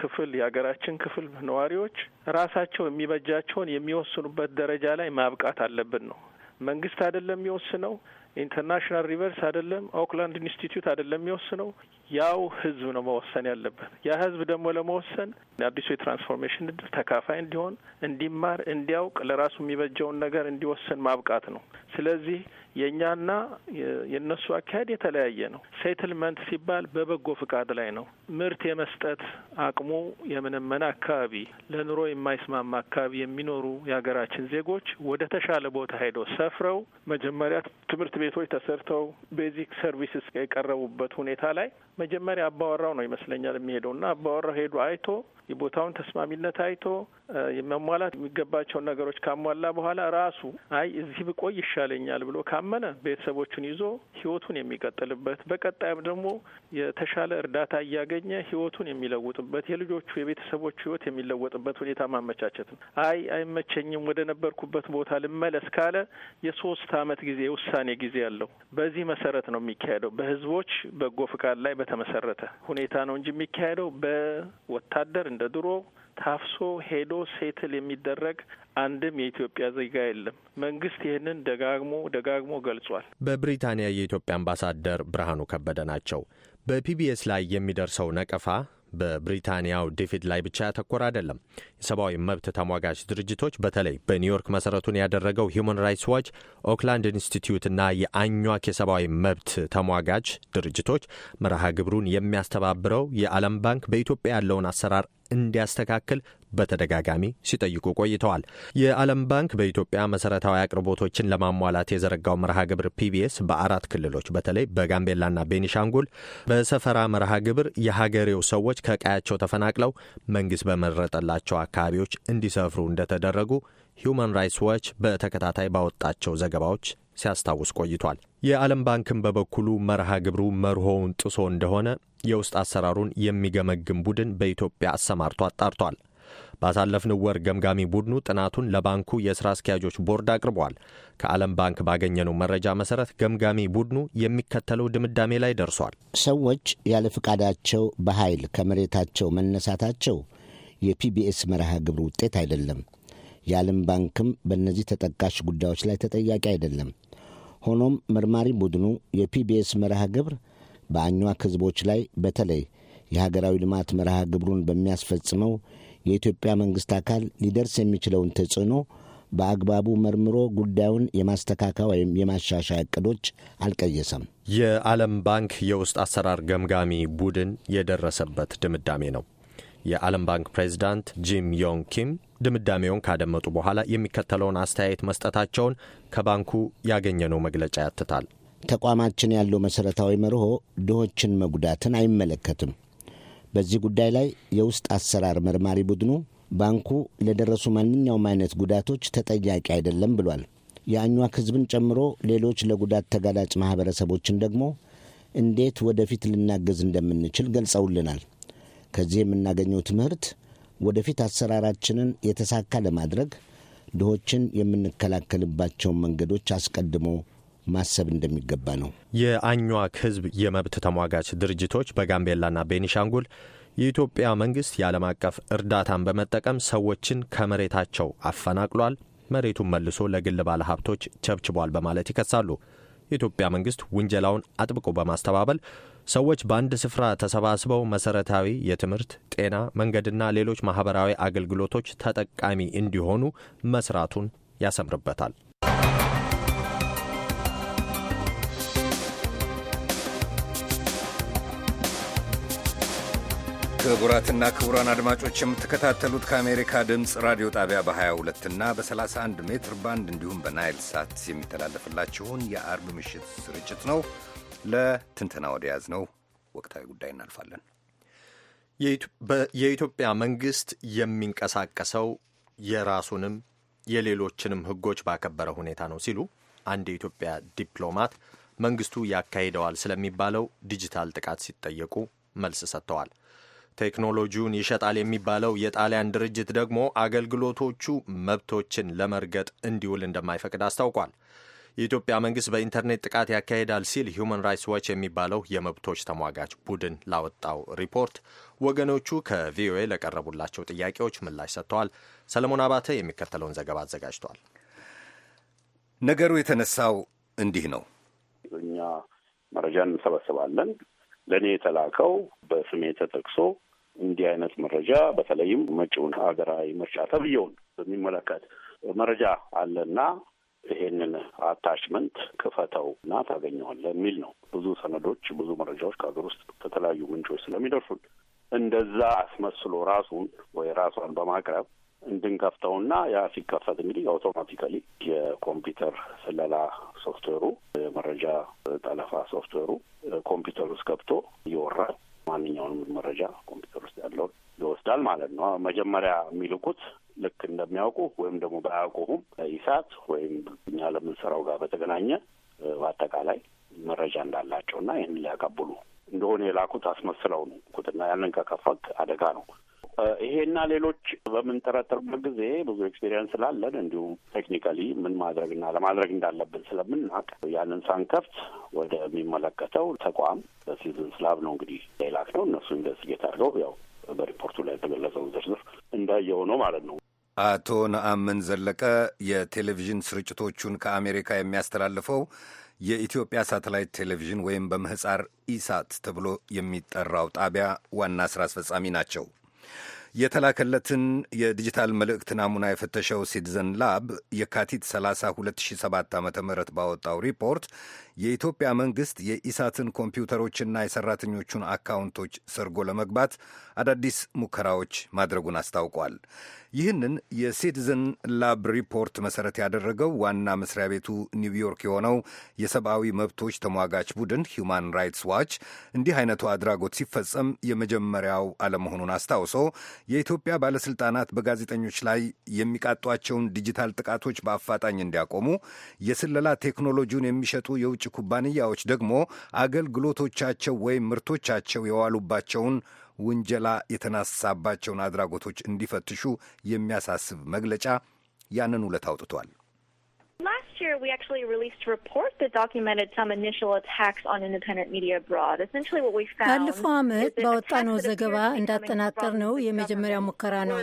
ክፍል የሀገራችን ክፍል ነዋሪዎች ራሳቸው የሚበጃቸውን የሚወስኑበት ደረጃ ላይ ማብቃት አለብን ነው። መንግስት አይደለም የሚወስነው። ኢንተርናሽናል ሪቨርስ አይደለም፣ ኦክላንድ ኢንስቲትዩት አይደለም የሚወስነው። ያው ህዝብ ነው መወሰን ያለበት። ያ ህዝብ ደግሞ ለመወሰን አዲሱ የትራንስፎርሜሽን እድል ተካፋይ እንዲሆን፣ እንዲማር፣ እንዲያውቅ ለራሱ የሚበጀውን ነገር እንዲወስን ማብቃት ነው። ስለዚህ የእኛና የእነሱ አካሄድ የተለያየ ነው። ሴትልመንት ሲባል በበጎ ፍቃድ ላይ ነው። ምርት የመስጠት አቅሙ የምንመና አካባቢ፣ ለኑሮ የማይስማማ አካባቢ የሚኖሩ የሀገራችን ዜጎች ወደ ተሻለ ቦታ ሄደው ሰፍረው መጀመሪያ ትምህርት ቤቶች ተሰርተው ቤዚክ ሰርቪስስ የቀረቡበት ሁኔታ ላይ መጀመሪያ አባወራው ነው ይመስለኛል የሚሄደው እና አባወራው ሄዶ አይቶ የቦታውን ተስማሚነት አይቶ የመሟላት የሚገባቸውን ነገሮች ካሟላ በኋላ ራሱ አይ እዚህ ብቆይ ይሻለኛል ብሎ ካመነ ቤተሰቦቹን ይዞ ህይወቱን የሚቀጥልበት በቀጣይም ደግሞ የተሻለ እርዳታ እያገኘ ህይወቱን የሚለውጥበት የልጆቹ የቤተሰቦቹ ህይወት የሚለወጥበት ሁኔታ ማመቻቸት ነው። አይ አይመቸኝም፣ ወደ ነበርኩበት ቦታ ልመለስ ካለ የሶስት አመት ጊዜ የውሳኔ ጊዜ አለው በዚህ መሰረት ነው የሚካሄደው። በህዝቦች በጎ ፍቃድ ላይ በተመሰረተ ሁኔታ ነው እንጂ የሚካሄደው በወታደር እንደ ድሮ ታፍሶ ሄዶ ሴትል የሚደረግ አንድም የኢትዮጵያ ዜጋ የለም። መንግስት ይህንን ደጋግሞ ደጋግሞ ገልጿል። በብሪታንያ የኢትዮጵያ አምባሳደር ብርሃኑ ከበደ ናቸው። በፒቢኤስ ላይ የሚደርሰው ነቀፋ በብሪታንያው ዴቪድ ላይ ብቻ ያተኮረ አይደለም። የሰብአዊ መብት ተሟጋች ድርጅቶች በተለይ በኒውዮርክ መሰረቱን ያደረገው ሁማን ራይትስ ዋች፣ ኦክላንድ ኢንስቲትዩትና የአኟክ የሰብአዊ መብት ተሟጋች ድርጅቶች መርሃ ግብሩን የሚያስተባብረው የዓለም ባንክ በኢትዮጵያ ያለውን አሰራር እንዲያስተካክል በተደጋጋሚ ሲጠይቁ ቆይተዋል። የዓለም ባንክ በኢትዮጵያ መሰረታዊ አቅርቦቶችን ለማሟላት የዘረጋው መርሃ ግብር ፒቢኤስ በአራት ክልሎች በተለይ በጋምቤላና ቤኒሻንጉል በሰፈራ መርሃ ግብር የሀገሬው ሰዎች ከቀያቸው ተፈናቅለው መንግስት በመረጠላቸው አካባቢዎች እንዲሰፍሩ እንደተደረጉ ሂውማን ራይትስ ዋች በተከታታይ ባወጣቸው ዘገባዎች ሲያስታውስ ቆይቷል። የዓለም ባንክም በበኩሉ መርሃ ግብሩ መርሆውን ጥሶ እንደሆነ የውስጥ አሰራሩን የሚገመግም ቡድን በኢትዮጵያ አሰማርቶ አጣርቷል። ባሳለፍንው ወር ገምጋሚ ቡድኑ ጥናቱን ለባንኩ የሥራ አስኪያጆች ቦርድ አቅርቧል። ከዓለም ባንክ ባገኘነው መረጃ መሠረት ገምጋሚ ቡድኑ የሚከተለው ድምዳሜ ላይ ደርሷል። ሰዎች ያለ ፍቃዳቸው በኃይል ከመሬታቸው መነሳታቸው የፒቢኤስ መርሃ ግብር ውጤት አይደለም። የዓለም ባንክም በእነዚህ ተጠቃሽ ጉዳዮች ላይ ተጠያቂ አይደለም። ሆኖም መርማሪ ቡድኑ የፒቢኤስ መርሃ ግብር በአኟክ ሕዝቦች ላይ በተለይ የሀገራዊ ልማት መርሃ ግብሩን በሚያስፈጽመው የኢትዮጵያ መንግሥት አካል ሊደርስ የሚችለውን ተጽዕኖ በአግባቡ መርምሮ ጉዳዩን የማስተካከያ ወይም የማሻሻያ እቅዶች አልቀየሰም። የዓለም ባንክ የውስጥ አሰራር ገምጋሚ ቡድን የደረሰበት ድምዳሜ ነው። የዓለም ባንክ ፕሬዚዳንት ጂም ዮንግ ኪም ድምዳሜውን ካደመጡ በኋላ የሚከተለውን አስተያየት መስጠታቸውን ከባንኩ ያገኘነው መግለጫ ያትታል። ተቋማችን ያለው መሠረታዊ መርሆ ድሆችን መጉዳትን አይመለከትም። በዚህ ጉዳይ ላይ የውስጥ አሰራር መርማሪ ቡድኑ ባንኩ ለደረሱ ማንኛውም አይነት ጉዳቶች ተጠያቂ አይደለም ብሏል። የአኟክ ሕዝብን ጨምሮ ሌሎች ለጉዳት ተጋላጭ ማኅበረሰቦችን ደግሞ እንዴት ወደፊት ልናገዝ እንደምንችል ገልጸውልናል። ከዚህ የምናገኘው ትምህርት ወደፊት አሰራራችንን የተሳካ ለማድረግ ድሆችን የምንከላከልባቸውን መንገዶች አስቀድሞ ማሰብ እንደሚገባ ነው። የአኟክ ህዝብ የመብት ተሟጋች ድርጅቶች በጋምቤላና ቤኒሻንጉል የኢትዮጵያ መንግስት የዓለም አቀፍ እርዳታን በመጠቀም ሰዎችን ከመሬታቸው አፈናቅሏል፣ መሬቱን መልሶ ለግል ባለሀብቶች ቸብችቧል በማለት ይከሳሉ። የኢትዮጵያ መንግስት ውንጀላውን አጥብቆ በማስተባበል ሰዎች በአንድ ስፍራ ተሰባስበው መሰረታዊ የትምህርት፣ ጤና፣ መንገድና ሌሎች ማህበራዊ አገልግሎቶች ተጠቃሚ እንዲሆኑ መስራቱን ያሰምርበታል። ክቡራትና ክቡራን አድማጮች የምትከታተሉት ከአሜሪካ ድምፅ ራዲዮ ጣቢያ በ22 እና በ31 ሜትር ባንድ እንዲሁም በናይል ሳት የሚተላለፍላችሁን የአርብ ምሽት ስርጭት ነው። ለትንተና ወደ ያዝ ነው ወቅታዊ ጉዳይ እናልፋለን። የኢትዮጵያ መንግስት የሚንቀሳቀሰው የራሱንም የሌሎችንም ህጎች ባከበረ ሁኔታ ነው ሲሉ አንድ የኢትዮጵያ ዲፕሎማት መንግስቱ ያካሂደዋል ስለሚባለው ዲጂታል ጥቃት ሲጠየቁ መልስ ሰጥተዋል። ቴክኖሎጂውን ይሸጣል የሚባለው የጣሊያን ድርጅት ደግሞ አገልግሎቶቹ መብቶችን ለመርገጥ እንዲውል እንደማይፈቅድ አስታውቋል። የኢትዮጵያ መንግስት በኢንተርኔት ጥቃት ያካሂዳል ሲል ሁማን ራይትስ ዋች የሚባለው የመብቶች ተሟጋች ቡድን ላወጣው ሪፖርት ወገኖቹ ከቪኦኤ ለቀረቡላቸው ጥያቄዎች ምላሽ ሰጥተዋል። ሰለሞን አባተ የሚከተለውን ዘገባ አዘጋጅቷል። ነገሩ የተነሳው እንዲህ ነው። እኛ መረጃ እንሰበስባለን። ለእኔ የተላከው በስሜ ተጠቅሶ እንዲህ አይነት መረጃ በተለይም መጪውን ሀገራዊ ምርጫ ተብዬውን በሚመለከት መረጃ አለና ይሄንን አታችመንት ክፈተው እና ታገኘዋለህ የሚል ነው። ብዙ ሰነዶች፣ ብዙ መረጃዎች ከሀገር ውስጥ ከተለያዩ ምንጮች ስለሚደርሱን እንደዛ አስመስሎ ራሱን ወይ ራሷን በማቅረብ እንድንከፍተውና ያ ሲከፈት እንግዲህ አውቶማቲካሊ የኮምፒውተር ስለላ ሶፍትዌሩ የመረጃ ጠለፋ ሶፍትዌሩ ኮምፒውተር ውስጥ ገብቶ ይወራል። ማንኛውንም መረጃ ኮምፒውተር ውስጥ ያለውን ይወስዳል ማለት ነው። መጀመሪያ የሚልኩት ልክ እንደሚያውቁ ወይም ደግሞ ባያውቁሁም ኢሳት ወይም እኛ ለምንሰራው ጋር በተገናኘ በአጠቃላይ መረጃ እንዳላቸው እና ሊያቀብሉ እንደሆነ የላኩት አስመስለው ነው ኩትና ያንን ከከፈት አደጋ ነው። ይሄና ሌሎች በምንጠረጥርበት ጊዜ ብዙ ኤክስፔሪንስ ስላለን እንዲሁም ቴክኒካሊ ምን ማድረግና ለማድረግ እንዳለብን ስለምናውቅ ያንን ሳንከፍት ወደሚመለከተው ተቋም በሲዝን ስላብ ነው እንግዲህ ሌላክ ነው እነሱ ኢንቨስቲጌት አድርገው ያው በሪፖርቱ ላይ የተገለጸው ዝርዝር እንዳየው ነው ማለት ነው። አቶ ነአምን ዘለቀ የቴሌቪዥን ስርጭቶቹን ከአሜሪካ የሚያስተላልፈው የኢትዮጵያ ሳተላይት ቴሌቪዥን ወይም በምህፃር ኢሳት ተብሎ የሚጠራው ጣቢያ ዋና ስራ አስፈጻሚ ናቸው። የተላከለትን የዲጂታል መልእክት ናሙና የፈተሸው ሲቲዘን ላብ የካቲት 30 2007 ዓ ም ባወጣው ሪፖርት የኢትዮጵያ መንግሥት የኢሳትን ኮምፒውተሮችና የሠራተኞቹን አካውንቶች ሰርጎ ለመግባት አዳዲስ ሙከራዎች ማድረጉን አስታውቋል። ይህንን የሲቲዝን ላብ ሪፖርት መሠረት ያደረገው ዋና መስሪያ ቤቱ ኒውዮርክ የሆነው የሰብአዊ መብቶች ተሟጋች ቡድን ሂውማን ራይትስ ዋች እንዲህ አይነቱ አድራጎት ሲፈጸም የመጀመሪያው አለመሆኑን አስታውሶ የኢትዮጵያ ባለሥልጣናት በጋዜጠኞች ላይ የሚቃጧቸውን ዲጂታል ጥቃቶች በአፋጣኝ እንዲያቆሙ የስለላ ቴክኖሎጂውን የሚሸጡ የውጭ ኩባንያዎች ደግሞ አገልግሎቶቻቸው ወይም ምርቶቻቸው የዋሉባቸውን ውንጀላ የተነሳባቸውን አድራጎቶች እንዲፈትሹ የሚያሳስብ መግለጫ ያንን ውለት አውጥቷል። year, we actually released a report that documented some initial attacks on independent media abroad. Essentially what we found ባለፈው ዓመት ባወጣነው ዘገባ እንዳጠናቀርነው የመጀመሪያ ሙከራ ነው።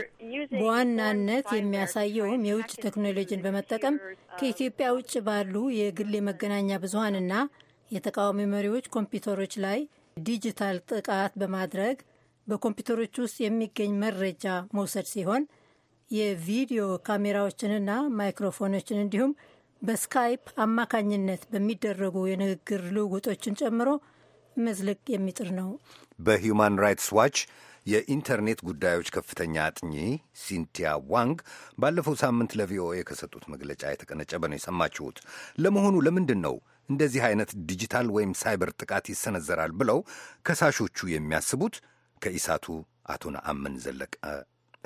በዋናነት የሚያሳየውም የውጭ ቴክኖሎጂን በመጠቀም ከኢትዮጵያ ውጭ ባሉ የግል የመገናኛ ብዙሀንና የተቃዋሚ መሪዎች ኮምፒውተሮች ላይ ዲጂታል ጥቃት በማድረግ በኮምፒውተሮች ውስጥ የሚገኝ መረጃ መውሰድ ሲሆን የቪዲዮ ካሜራዎችንና ማይክሮፎኖችን እንዲሁም በስካይፕ አማካኝነት በሚደረጉ የንግግር ልውውጦችን ጨምሮ መዝለቅ የሚጥር ነው። በሂዩማን ራይትስ ዋች የኢንተርኔት ጉዳዮች ከፍተኛ አጥኚ ሲንቲያ ዋንግ ባለፈው ሳምንት ለቪኦኤ ከሰጡት መግለጫ የተቀነጨበ ነው የሰማችሁት። ለመሆኑ ለምንድን ነው እንደዚህ አይነት ዲጂታል ወይም ሳይበር ጥቃት ይሰነዘራል ብለው ከሳሾቹ የሚያስቡት? ከኢሳቱ አቶ ነአምን ዘለቀ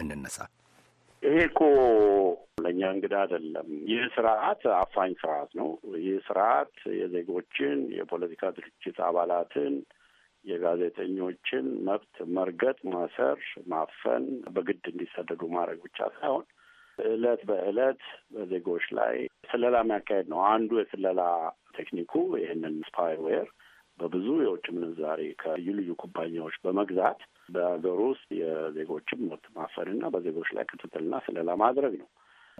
እንነሳ። ይሄ እኮ ለእኛ እንግዳ አይደለም። ይህ ስርዓት አፋኝ ስርዓት ነው። ይህ ስርዓት የዜጎችን የፖለቲካ ድርጅት አባላትን የጋዜጠኞችን መብት መርገጥ፣ ማሰር፣ ማፈን፣ በግድ እንዲሰደዱ ማድረግ ብቻ ሳይሆን እለት በእለት በዜጎች ላይ ስለላ የሚያካሄድ ነው። አንዱ የስለላ ቴክኒኩ ይህንን ስፓይዌር በብዙ የውጭ ምንዛሪ ከልዩ ልዩ ኩባኛዎች በመግዛት በሀገር ውስጥ የዜጎችን መብት ማፈንና በዜጎች ላይ ክትትልና ስለላ ማድረግ ነው።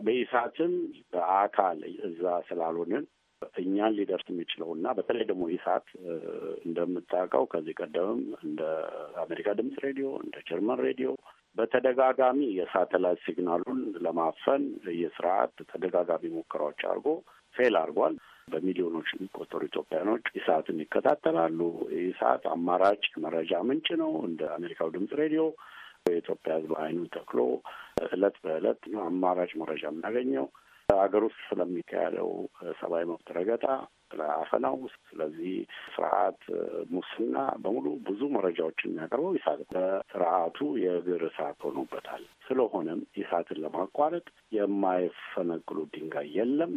በኢሳትም በአካል እዛ ስላልሆንን እኛን ሊደርስ የሚችለው እና በተለይ ደግሞ ኢሳት እንደምታውቀው ከዚህ ቀደምም እንደ አሜሪካ ድምፅ ሬዲዮ እንደ ጀርመን ሬዲዮ በተደጋጋሚ የሳተላይት ሲግናሉን ለማፈን የስርዓት ተደጋጋሚ ሙከራዎች አድርጎ ፌል አድርጓል። በሚሊዮኖች የሚቆጠሩ ኢትዮጵያኖች ኢሳትን ይከታተላሉ። ኢሳት አማራጭ መረጃ ምንጭ ነው እንደ አሜሪካው ድምፅ ሬዲዮ የኢትዮጵያ ሕዝብ አይኑ ተክሎ እለት በእለት አማራጭ መረጃ የምናገኘው ሀገር ውስጥ ስለሚካሄደው ሰብአዊ መብት ረገጣ፣ ስለ አፈናው፣ ስለዚህ ስርዓት ሙስና በሙሉ ብዙ መረጃዎችን የሚያቀርበው ኢሳት በስርዓቱ የእግር እሳት ሆኖበታል። ስለሆነም ኢሳትን ለማቋረጥ የማይፈነቅሉ ድንጋይ የለም።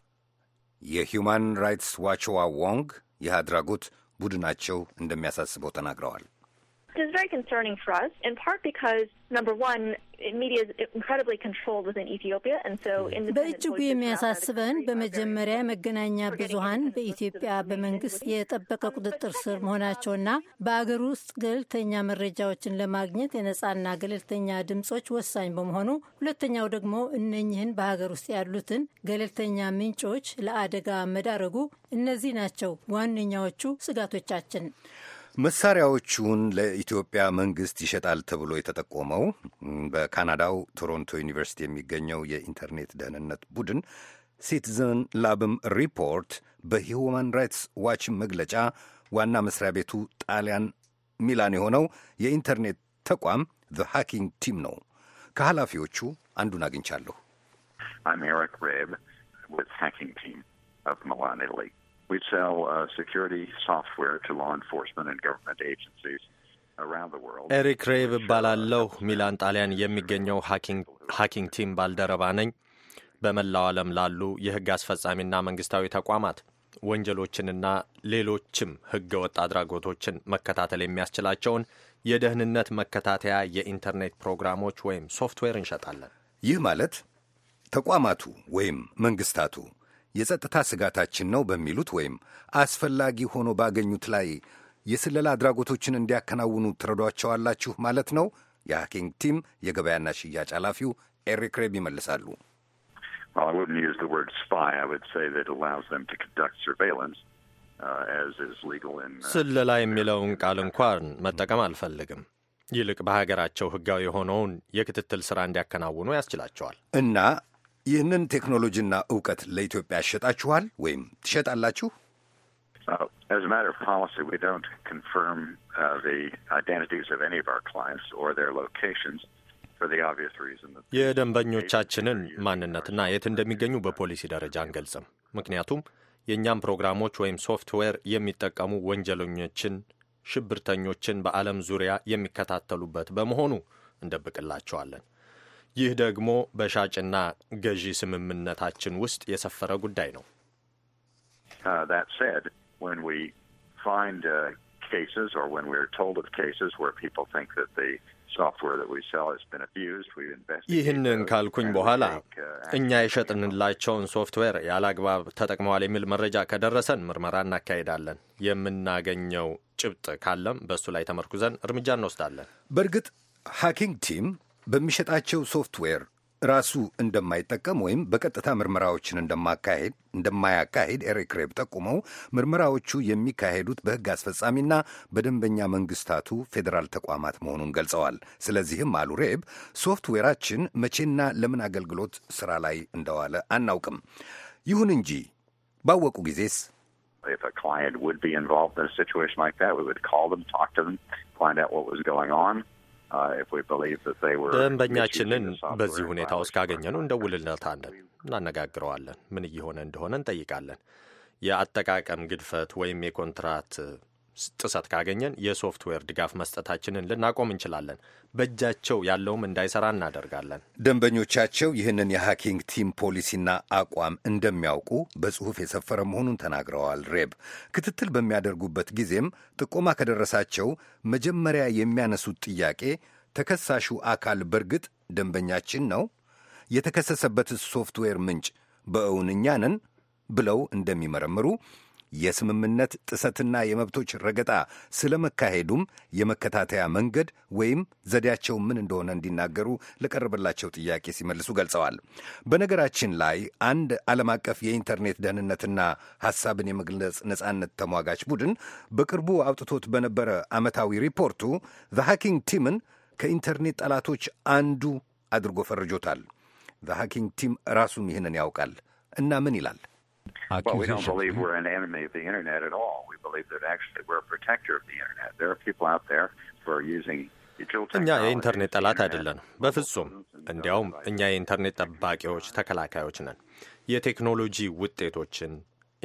የሂውማን ራይትስ ዋ ዎንግ ይህ አድራጎት ቡድናቸው እንደሚያሳስበው ተናግረዋል። This is very concerning for us, in part because number one, mm. በእጅጉ የሚያሳስበን በመጀመሪያ መገናኛ ብዙሃን በኢትዮጵያ በመንግስት የጠበቀ um, ቁጥጥር ስር መሆናቸውና um, በአገር ውስጥ ገለልተኛ መረጃዎችን ለማግኘት የነጻና ገለልተኛ ድምጾች ወሳኝ በመሆኑ፣ ሁለተኛው ደግሞ እነኝህን በሀገር ውስጥ ያሉትን ገለልተኛ ምንጮች ለአደጋ መዳረጉ። እነዚህ ናቸው ዋነኛዎቹ ስጋቶቻችን። መሳሪያዎቹን ለኢትዮጵያ መንግስት ይሸጣል ተብሎ የተጠቆመው በካናዳው ቶሮንቶ ዩኒቨርሲቲ የሚገኘው የኢንተርኔት ደህንነት ቡድን ሲቲዘን ላብም ሪፖርት በሂውማን ራይትስ ዋች መግለጫ ዋና መስሪያ ቤቱ ጣሊያን ሚላን የሆነው የኢንተርኔት ተቋም ዘ ሃኪንግ ቲም ነው። ከኃላፊዎቹ አንዱን አግኝቻለሁ። I'm Eric we sell uh, security software to law enforcement and government agencies. ኤሪክ ሬቭ እባላለሁ። ሚላን ጣሊያን የሚገኘው ሀኪንግ ቲም ባልደረባ ነኝ። በመላው ዓለም ላሉ የህግ አስፈጻሚና መንግስታዊ ተቋማት ወንጀሎችንና ሌሎችም ወጥ አድራጎቶችን መከታተል የሚያስችላቸውን የደህንነት መከታተያ የኢንተርኔት ፕሮግራሞች ወይም ሶፍትዌር እንሸጣለን። ይህ ማለት ተቋማቱ ወይም መንግስታቱ የጸጥታ ስጋታችን ነው በሚሉት ወይም አስፈላጊ ሆኖ ባገኙት ላይ የስለላ አድራጎቶችን እንዲያከናውኑ ትረዷቸዋላችሁ ማለት ነው? የሀኪንግ ቲም የገበያና ሽያጭ ኃላፊው ኤሪክ ሬብ ይመልሳሉ። uh, uh, ስለላ የሚለውን ቃል እንኳን መጠቀም አልፈልግም። ይልቅ በሀገራቸው ሕጋዊ የሆነውን የክትትል ሥራ እንዲያከናውኑ ያስችላቸዋል እና ይህንን ቴክኖሎጂና እውቀት ለኢትዮጵያ ሸጣችኋል ወይም ትሸጣላችሁ? የደንበኞቻችንን ማንነትና የት እንደሚገኙ በፖሊሲ ደረጃ አንገልጽም። ምክንያቱም የእኛም ፕሮግራሞች ወይም ሶፍትዌር የሚጠቀሙ ወንጀለኞችን፣ ሽብርተኞችን በዓለም ዙሪያ የሚከታተሉበት በመሆኑ እንደብቅላቸዋለን። ይህ ደግሞ በሻጭና ገዢ ስምምነታችን ውስጥ የሰፈረ ጉዳይ ነው። uh, uh, ይህንን ካልኩኝ በኋላ uh, እኛ የሸጥንላቸውን ሶፍትዌር ያለአግባብ ተጠቅመዋል የሚል መረጃ ከደረሰን ምርመራ እናካሄዳለን። የምናገኘው ጭብጥ ካለም በእሱ ላይ ተመርኩዘን እርምጃ እንወስዳለን። በእርግጥ ሃኪንግ ቲም በሚሸጣቸው ሶፍትዌር ራሱ እንደማይጠቀም ወይም በቀጥታ ምርመራዎችን እንደማካሄድ እንደማያካሄድ ኤሪክ ሬብ ጠቁመው ምርመራዎቹ የሚካሄዱት በሕግ አስፈጻሚና በደንበኛ መንግስታቱ ፌዴራል ተቋማት መሆኑን ገልጸዋል። ስለዚህም አሉ ሬብ ሶፍትዌራችን መቼና ለምን አገልግሎት ስራ ላይ እንደዋለ አናውቅም። ይሁን እንጂ ባወቁ ጊዜስ Uh, ደንበኛችንን በዚህ ሁኔታ ውስጥ ካገኘነው እንደውልለታለን፣ እናነጋግረዋለን፣ ምን እየሆነ እንደሆነ እንጠይቃለን። የአጠቃቀም ግድፈት ወይም የኮንትራት ጥሰት ካገኘን የሶፍትዌር ድጋፍ መስጠታችንን ልናቆም እንችላለን። በእጃቸው ያለውም እንዳይሰራ እናደርጋለን። ደንበኞቻቸው ይህንን የሃኪንግ ቲም ፖሊሲና አቋም እንደሚያውቁ በጽሁፍ የሰፈረ መሆኑን ተናግረዋል። ሬብ ክትትል በሚያደርጉበት ጊዜም ጥቆማ ከደረሳቸው መጀመሪያ የሚያነሱት ጥያቄ ተከሳሹ አካል በእርግጥ ደንበኛችን ነው? የተከሰሰበት ሶፍትዌር ምንጭ በእውን እኛ ነን? ብለው እንደሚመረምሩ የስምምነት ጥሰትና የመብቶች ረገጣ ስለመካሄዱም የመከታተያ መንገድ ወይም ዘዴያቸው ምን እንደሆነ እንዲናገሩ ለቀረበላቸው ጥያቄ ሲመልሱ ገልጸዋል። በነገራችን ላይ አንድ ዓለም አቀፍ የኢንተርኔት ደህንነትና ሐሳብን የመግለጽ ነጻነት ተሟጋች ቡድን በቅርቡ አውጥቶት በነበረ ዓመታዊ ሪፖርቱ ዘ ሃኪንግ ቲምን ከኢንተርኔት ጠላቶች አንዱ አድርጎ ፈርጆታል። ዘ ሃኪንግ ቲም ራሱም ይህንን ያውቃል እና ምን ይላል? Well, we don't believe we're an enemy of the internet at all. We believe that actually we're a protector of the internet. There are people out there who are using እኛ የኢንተርኔት ጠላት አይደለንም፣ በፍጹም። እንዲያውም እኛ የኢንተርኔት ጠባቂዎች፣ ተከላካዮች ነን። የቴክኖሎጂ ውጤቶችን፣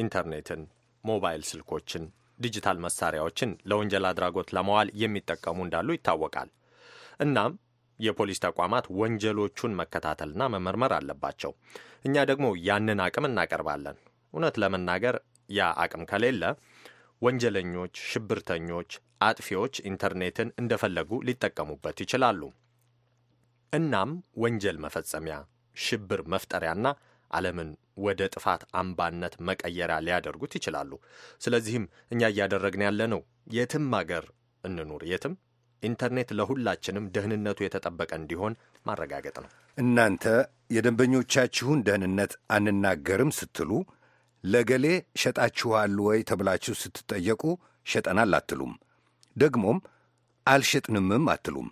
ኢንተርኔትን፣ ሞባይል ስልኮችን፣ ዲጂታል መሳሪያዎችን ለወንጀል አድራጎት ለመዋል የሚጠቀሙ እንዳሉ ይታወቃል። እናም የፖሊስ ተቋማት ወንጀሎቹን መከታተልና መመርመር አለባቸው። እኛ ደግሞ ያንን አቅም እናቀርባለን። እውነት ለመናገር ያ አቅም ከሌለ ወንጀለኞች፣ ሽብርተኞች፣ አጥፊዎች ኢንተርኔትን እንደፈለጉ ሊጠቀሙበት ይችላሉ። እናም ወንጀል መፈጸሚያ፣ ሽብር መፍጠሪያና ዓለምን ወደ ጥፋት አምባነት መቀየሪያ ሊያደርጉት ይችላሉ። ስለዚህም እኛ እያደረግን ያለነው የትም አገር እንኑር የትም ኢንተርኔት ለሁላችንም ደህንነቱ የተጠበቀ እንዲሆን ማረጋገጥ ነው። እናንተ የደንበኞቻችሁን ደህንነት አንናገርም ስትሉ ለገሌ ሸጣችኋል ወይ ተብላችሁ ስትጠየቁ ሸጠናል አትሉም። ደግሞም አልሸጥንምም አትሉም።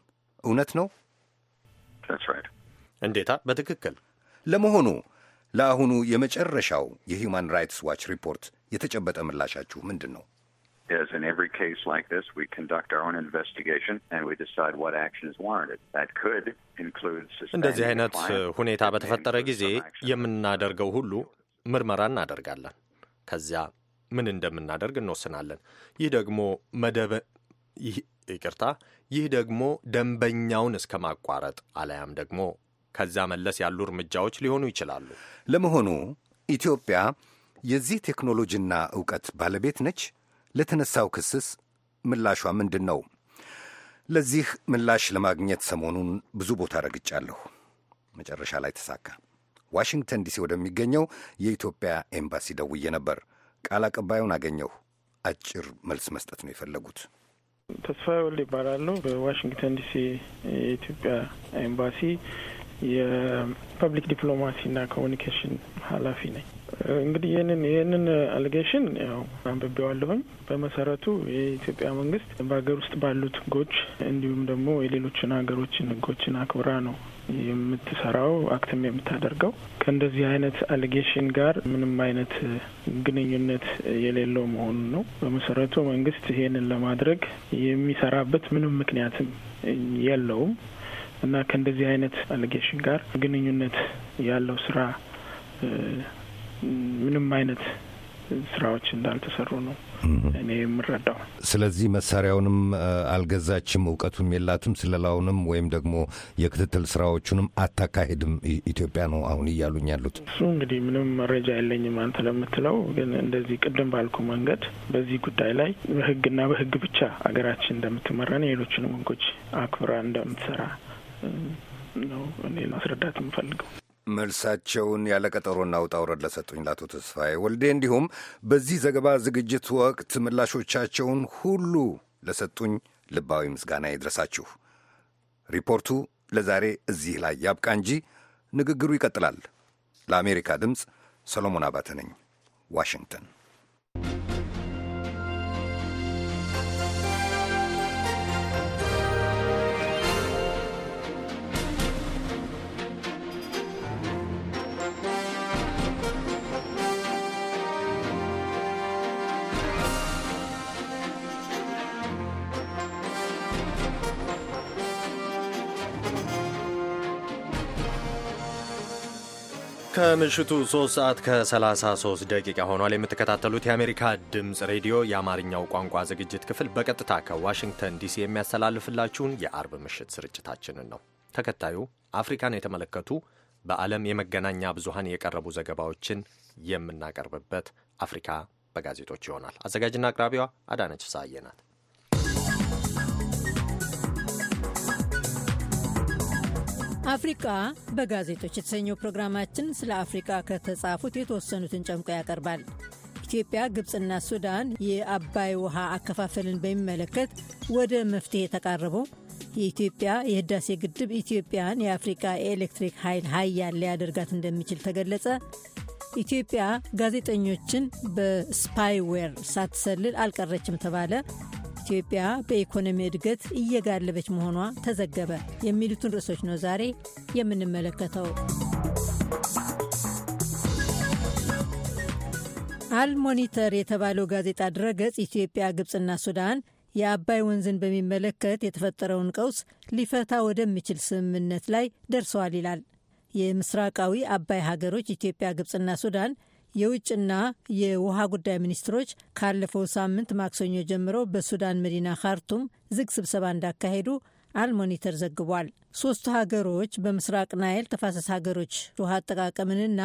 እውነት ነው? እንዴታ፣ በትክክል ለመሆኑ ለአሁኑ የመጨረሻው የሂውማን ራይትስ ዋች ሪፖርት የተጨበጠ ምላሻችሁ ምንድን ነው? እንደዚህ አይነት uh, ሁኔታ በተፈጠረ ጊዜ የምናደርገው ሁሉ ምርመራ እናደርጋለን። ከዚያ ምን እንደምናደርግ እንወስናለን። ይህ ደግሞ መደበ ይቅርታ፣ ይህ ደግሞ ደንበኛውን እስከ ማቋረጥ አለያም ደግሞ ከዚያ መለስ ያሉ እርምጃዎች ሊሆኑ ይችላሉ። ለመሆኑ ኢትዮጵያ የዚህ ቴክኖሎጂና እውቀት ባለቤት ነች? ለተነሳው ክስስ ምላሿ ምንድን ነው? ለዚህ ምላሽ ለማግኘት ሰሞኑን ብዙ ቦታ ረግጫለሁ። መጨረሻ ላይ ተሳካ። ዋሽንግተን ዲሲ ወደሚገኘው የኢትዮጵያ ኤምባሲ ደውዬ ነበር። ቃል አቀባዩን አገኘሁ። አጭር መልስ መስጠት ነው የፈለጉት። ተስፋ ወልድ ይባላሉ በዋሽንግተን ዲሲ የኢትዮጵያ ኤምባሲ የፐብሊክ ዲፕሎማሲና ኮሚኒኬሽን ኃላፊ ነኝ። እንግዲህ ይህንን ይህንን አሊጌሽን ያው አንብቤዋለሁኝ። በመሰረቱ የኢትዮጵያ መንግስት በሀገር ውስጥ ባሉት ህጎች እንዲሁም ደግሞ የሌሎችን ሀገሮችን ህጎችን አክብራ ነው የምትሰራው አክትም የምታደርገው ከእንደዚህ አይነት አሊጌሽን ጋር ምንም አይነት ግንኙነት የሌለው መሆኑ ነው። በመሰረቱ መንግስት ይሄንን ለማድረግ የሚሰራበት ምንም ምክንያትም የለውም እና ከእንደዚህ አይነት አሊጌሽን ጋር ግንኙነት ያለው ስራ ምንም አይነት ስራዎች እንዳልተሰሩ ነው እኔ የምረዳው። ስለዚህ መሳሪያውንም አልገዛችም፣ እውቀቱም የላትም፣ ስለላውንም ወይም ደግሞ የክትትል ስራዎቹንም አታካሄድም ኢትዮጵያ ነው አሁን እያሉኝ ያሉት። እሱ እንግዲህ ምንም መረጃ የለኝም አንተ ለምትለው ግን፣ እንደዚህ ቅድም ባልኩ መንገድ በዚህ ጉዳይ ላይ በህግና በህግ ብቻ አገራችን እንደምትመራና ሌሎችንም ህጎች አክብራ እንደምትሰራ ነው እኔ ማስረዳት የምፈልገው። መልሳቸውን ያለ ቀጠሮና ውጣ ውረድ ለሰጡኝ ለአቶ ተስፋዬ ወልዴ እንዲሁም በዚህ ዘገባ ዝግጅት ወቅት ምላሾቻቸውን ሁሉ ለሰጡኝ ልባዊ ምስጋና ይድረሳችሁ። ሪፖርቱ ለዛሬ እዚህ ላይ ያብቃ እንጂ ንግግሩ ይቀጥላል። ለአሜሪካ ድምፅ ሰሎሞን አባተ ነኝ፣ ዋሽንግተን ከምሽቱ 3 ሰዓት ከ33 ደቂቃ ሆኗል። የምትከታተሉት የአሜሪካ ድምፅ ሬዲዮ የአማርኛው ቋንቋ ዝግጅት ክፍል በቀጥታ ከዋሽንግተን ዲሲ የሚያስተላልፍላችሁን የአርብ ምሽት ስርጭታችንን ነው። ተከታዩ አፍሪካን የተመለከቱ በዓለም የመገናኛ ብዙሃን የቀረቡ ዘገባዎችን የምናቀርብበት አፍሪካ በጋዜጦች ይሆናል። አዘጋጅና አቅራቢዋ አዳነች ሳዬ ናት። አፍሪቃ በጋዜጦች የተሰኘው ፕሮግራማችን ስለ አፍሪቃ ከተጻፉት የተወሰኑትን ጨምቆ ያቀርባል። ኢትዮጵያ፣ ግብፅና ሱዳን የአባይ ውሃ አከፋፈልን በሚመለከት ወደ መፍትሄ የተቃረበው፣ የኢትዮጵያ የህዳሴ ግድብ ኢትዮጵያን የአፍሪቃ የኤሌክትሪክ ኃይል ሀያል ሊያደርጋት እንደሚችል ተገለጸ፣ ኢትዮጵያ ጋዜጠኞችን በስፓይዌር ሳትሰልል አልቀረችም ተባለ፣ ኢትዮጵያ በኢኮኖሚ እድገት እየጋለበች መሆኗ ተዘገበ የሚሉትን ርዕሶች ነው ዛሬ የምንመለከተው። አልሞኒተር የተባለው ጋዜጣ ድረገጽ ኢትዮጵያ፣ ግብፅና ሱዳን የአባይ ወንዝን በሚመለከት የተፈጠረውን ቀውስ ሊፈታ ወደሚችል ስምምነት ላይ ደርሰዋል ይላል። የምስራቃዊ አባይ ሀገሮች ኢትዮጵያ፣ ግብፅና ሱዳን የውጭና የውሃ ጉዳይ ሚኒስትሮች ካለፈው ሳምንት ማክሰኞ ጀምሮ በሱዳን መዲና ካርቱም ዝግ ስብሰባ እንዳካሄዱ አልሞኒተር ዘግቧል። ሶስቱ ሀገሮች በምስራቅ ናይል ተፋሰስ ሀገሮች ውሃ አጠቃቀምንና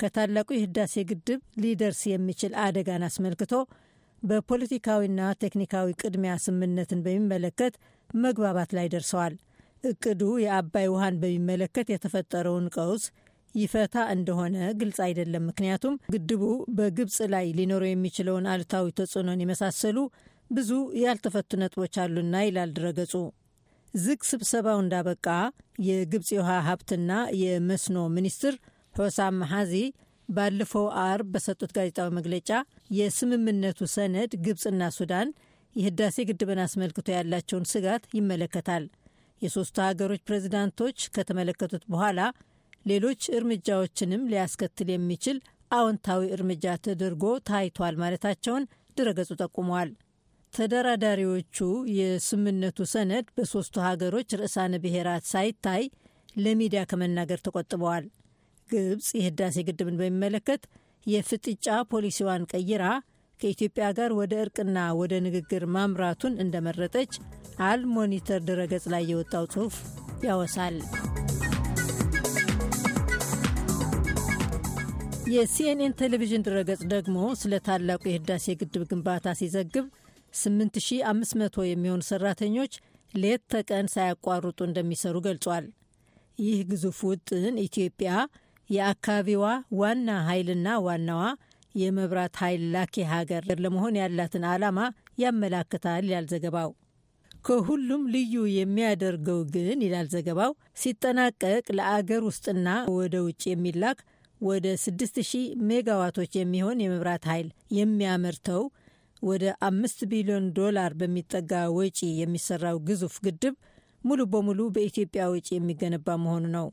ከታላቁ የህዳሴ ግድብ ሊደርስ የሚችል አደጋን አስመልክቶ በፖለቲካዊና ቴክኒካዊ ቅድሚያ ስምምነትን በሚመለከት መግባባት ላይ ደርሰዋል። እቅዱ የአባይ ውሃን በሚመለከት የተፈጠረውን ቀውስ ይፈታ እንደሆነ ግልጽ አይደለም። ምክንያቱም ግድቡ በግብፅ ላይ ሊኖረው የሚችለውን አሉታዊ ተጽዕኖን የመሳሰሉ ብዙ ያልተፈቱ ነጥቦች አሉና ይላል ድረገጹ። ዝግ ስብሰባው እንዳበቃ የግብፅ የውሃ ሀብትና የመስኖ ሚኒስትር ሆሳም መሐዚ ባለፈው አርብ በሰጡት ጋዜጣዊ መግለጫ የስምምነቱ ሰነድ ግብፅና ሱዳን የህዳሴ ግድብን አስመልክቶ ያላቸውን ስጋት ይመለከታል። የሦስቱ ሀገሮች ፕሬዚዳንቶች ከተመለከቱት በኋላ ሌሎች እርምጃዎችንም ሊያስከትል የሚችል አዎንታዊ እርምጃ ተደርጎ ታይቷል ማለታቸውን ድረገጹ ጠቁመዋል። ተደራዳሪዎቹ የስምነቱ ሰነድ በሦስቱ ሀገሮች ርዕሳነ ብሔራት ሳይታይ ለሚዲያ ከመናገር ተቆጥበዋል። ግብፅ የህዳሴ ግድብን በሚመለከት የፍጥጫ ፖሊሲዋን ቀይራ ከኢትዮጵያ ጋር ወደ እርቅና ወደ ንግግር ማምራቱን እንደመረጠች አል ሞኒተር ድረገጽ ላይ የወጣው ጽሑፍ ያወሳል። የሲኤንኤን ቴሌቪዥን ድረገጽ ደግሞ ስለ ታላቁ የህዳሴ ግድብ ግንባታ ሲዘግብ 8500 የሚሆኑ ሰራተኞች ሌት ተቀን ሳያቋርጡ እንደሚሰሩ ገልጿል። ይህ ግዙፍ ውጥን ኢትዮጵያ የአካባቢዋ ዋና ኃይልና ዋናዋ የመብራት ኃይል ላኪ ሀገር ለመሆን ያላትን ዓላማ ያመላክታል ይላል ዘገባው። ከሁሉም ልዩ የሚያደርገው ግን ይላል ዘገባው፣ ሲጠናቀቅ ለአገር ውስጥና ወደ ውጭ የሚላክ ወደ 6000 ሜጋዋቶች የሚሆን የመብራት ኃይል የሚያመርተው ወደ 5 ቢሊዮን ዶላር በሚጠጋ ወጪ የሚሰራው ግዙፍ ግድብ ሙሉ በሙሉ በኢትዮጵያ ወጪ የሚገነባ መሆኑ ነው።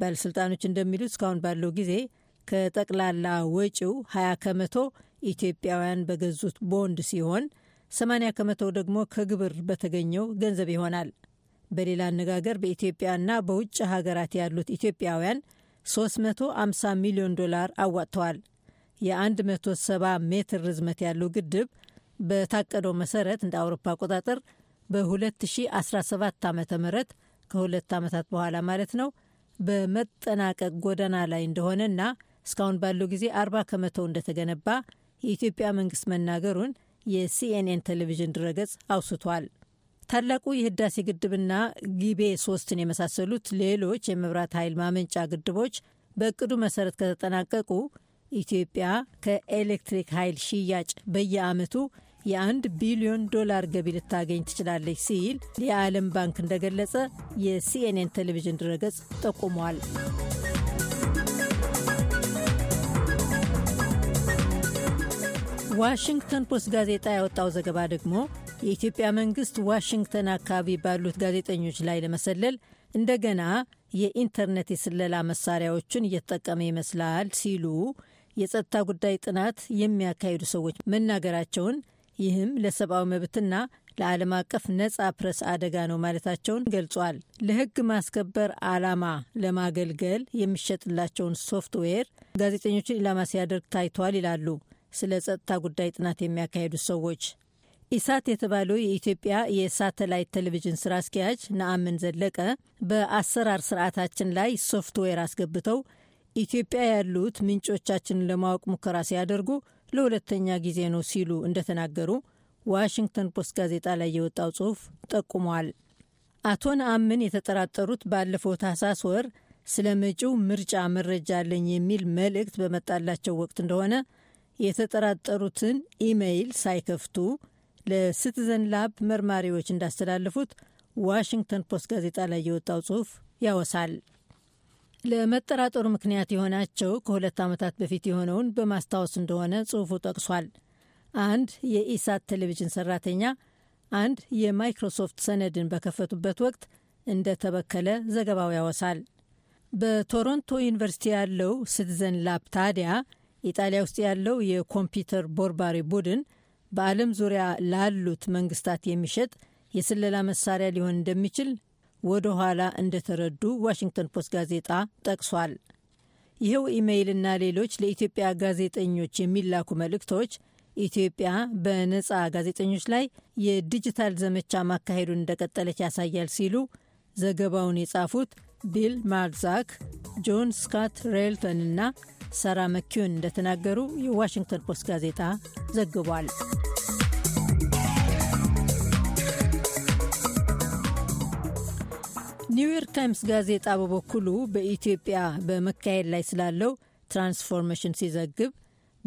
ባለሥልጣኖች እንደሚሉት እስካሁን ባለው ጊዜ ከጠቅላላ ወጪው 20 ከመቶ ኢትዮጵያውያን በገዙት ቦንድ ሲሆን 80 ከመቶ ደግሞ ከግብር በተገኘው ገንዘብ ይሆናል። በሌላ አነጋገር በኢትዮጵያና በውጭ ሀገራት ያሉት ኢትዮጵያውያን 350 ሚሊዮን ዶላር አዋጥተዋል። የ170 ሜትር ርዝመት ያለው ግድብ በታቀደው መሰረት እንደ አውሮፓ አቆጣጠር በ2017 ዓ ም ከሁለት ዓመታት በኋላ ማለት ነው በመጠናቀቅ ጎዳና ላይ እንደሆነና እስካሁን ባለው ጊዜ 40 ከመቶ እንደተገነባ የኢትዮጵያ መንግስት መናገሩን የሲኤንኤን ቴሌቪዥን ድረገጽ አውስቷል። ታላቁ የህዳሴ ግድብና ጊቤ ሶስትን የመሳሰሉት ሌሎች የመብራት ኃይል ማመንጫ ግድቦች በእቅዱ መሰረት ከተጠናቀቁ ኢትዮጵያ ከኤሌክትሪክ ኃይል ሽያጭ በየአመቱ የአንድ ቢሊዮን ዶላር ገቢ ልታገኝ ትችላለች ሲል የዓለም ባንክ እንደገለጸ የሲኤንኤን ቴሌቪዥን ድረገጽ ጠቁሟል። ዋሽንግተን ፖስት ጋዜጣ ያወጣው ዘገባ ደግሞ የኢትዮጵያ መንግስት ዋሽንግተን አካባቢ ባሉት ጋዜጠኞች ላይ ለመሰለል እንደገና የኢንተርኔት የስለላ መሳሪያዎችን እየተጠቀመ ይመስላል ሲሉ የጸጥታ ጉዳይ ጥናት የሚያካሂዱ ሰዎች መናገራቸውን ይህም ለሰብአዊ መብትና ለዓለም አቀፍ ነጻ ፕረስ አደጋ ነው ማለታቸውን ገልጿል። ለህግ ማስከበር አላማ ለማገልገል የሚሸጥላቸውን ሶፍትዌር ጋዜጠኞችን ኢላማ ሲያደርግ ታይቷል ይላሉ ስለ ጸጥታ ጉዳይ ጥናት የሚያካሂዱ ሰዎች። ኢሳት የተባለው የኢትዮጵያ የሳተላይት ቴሌቪዥን ስራ አስኪያጅ ነአምን ዘለቀ በአሰራር ስርዓታችን ላይ ሶፍትዌር አስገብተው ኢትዮጵያ ያሉት ምንጮቻችንን ለማወቅ ሙከራ ሲያደርጉ ለሁለተኛ ጊዜ ነው ሲሉ እንደተናገሩ ዋሽንግተን ፖስት ጋዜጣ ላይ የወጣው ጽሑፍ ጠቁሟል። አቶ ነአምን የተጠራጠሩት ባለፈው ታህሳስ ወር ስለ መጪው ምርጫ መረጃ አለኝ የሚል መልእክት በመጣላቸው ወቅት እንደሆነ የተጠራጠሩትን ኢሜይል ሳይከፍቱ ለሲቲዘን ላብ መርማሪዎች እንዳስተላለፉት ዋሽንግተን ፖስት ጋዜጣ ላይ የወጣው ጽሑፍ ያወሳል። ለመጠራጠሩ ምክንያት የሆናቸው ከሁለት ዓመታት በፊት የሆነውን በማስታወስ እንደሆነ ጽሑፉ ጠቅሷል። አንድ የኢሳት ቴሌቪዥን ሰራተኛ አንድ የማይክሮሶፍት ሰነድን በከፈቱበት ወቅት እንደተበከለ ዘገባው ያወሳል። በቶሮንቶ ዩኒቨርሲቲ ያለው ሲቲዘን ላብ ታዲያ ኢጣሊያ ውስጥ ያለው የኮምፒውተር ቦርባሪ ቡድን በዓለም ዙሪያ ላሉት መንግስታት የሚሸጥ የስለላ መሳሪያ ሊሆን እንደሚችል ወደ ኋላ እንደተረዱ ዋሽንግተን ፖስት ጋዜጣ ጠቅሷል። ይኸው ኢሜይልና ሌሎች ለኢትዮጵያ ጋዜጠኞች የሚላኩ መልእክቶች ኢትዮጵያ በነጻ ጋዜጠኞች ላይ የዲጂታል ዘመቻ ማካሄዱን እንደቀጠለች ያሳያል ሲሉ ዘገባውን የጻፉት ቢል ማርዛክ፣ ጆን ስካት ሬልተን እና ሰራ መኪዮን እንደተናገሩ የዋሽንግተን ፖስት ጋዜጣ ዘግቧል። ኒውዮርክ ታይምስ ጋዜጣ በበኩሉ በኢትዮጵያ በመካሄድ ላይ ስላለው ትራንስፎርሜሽን ሲዘግብ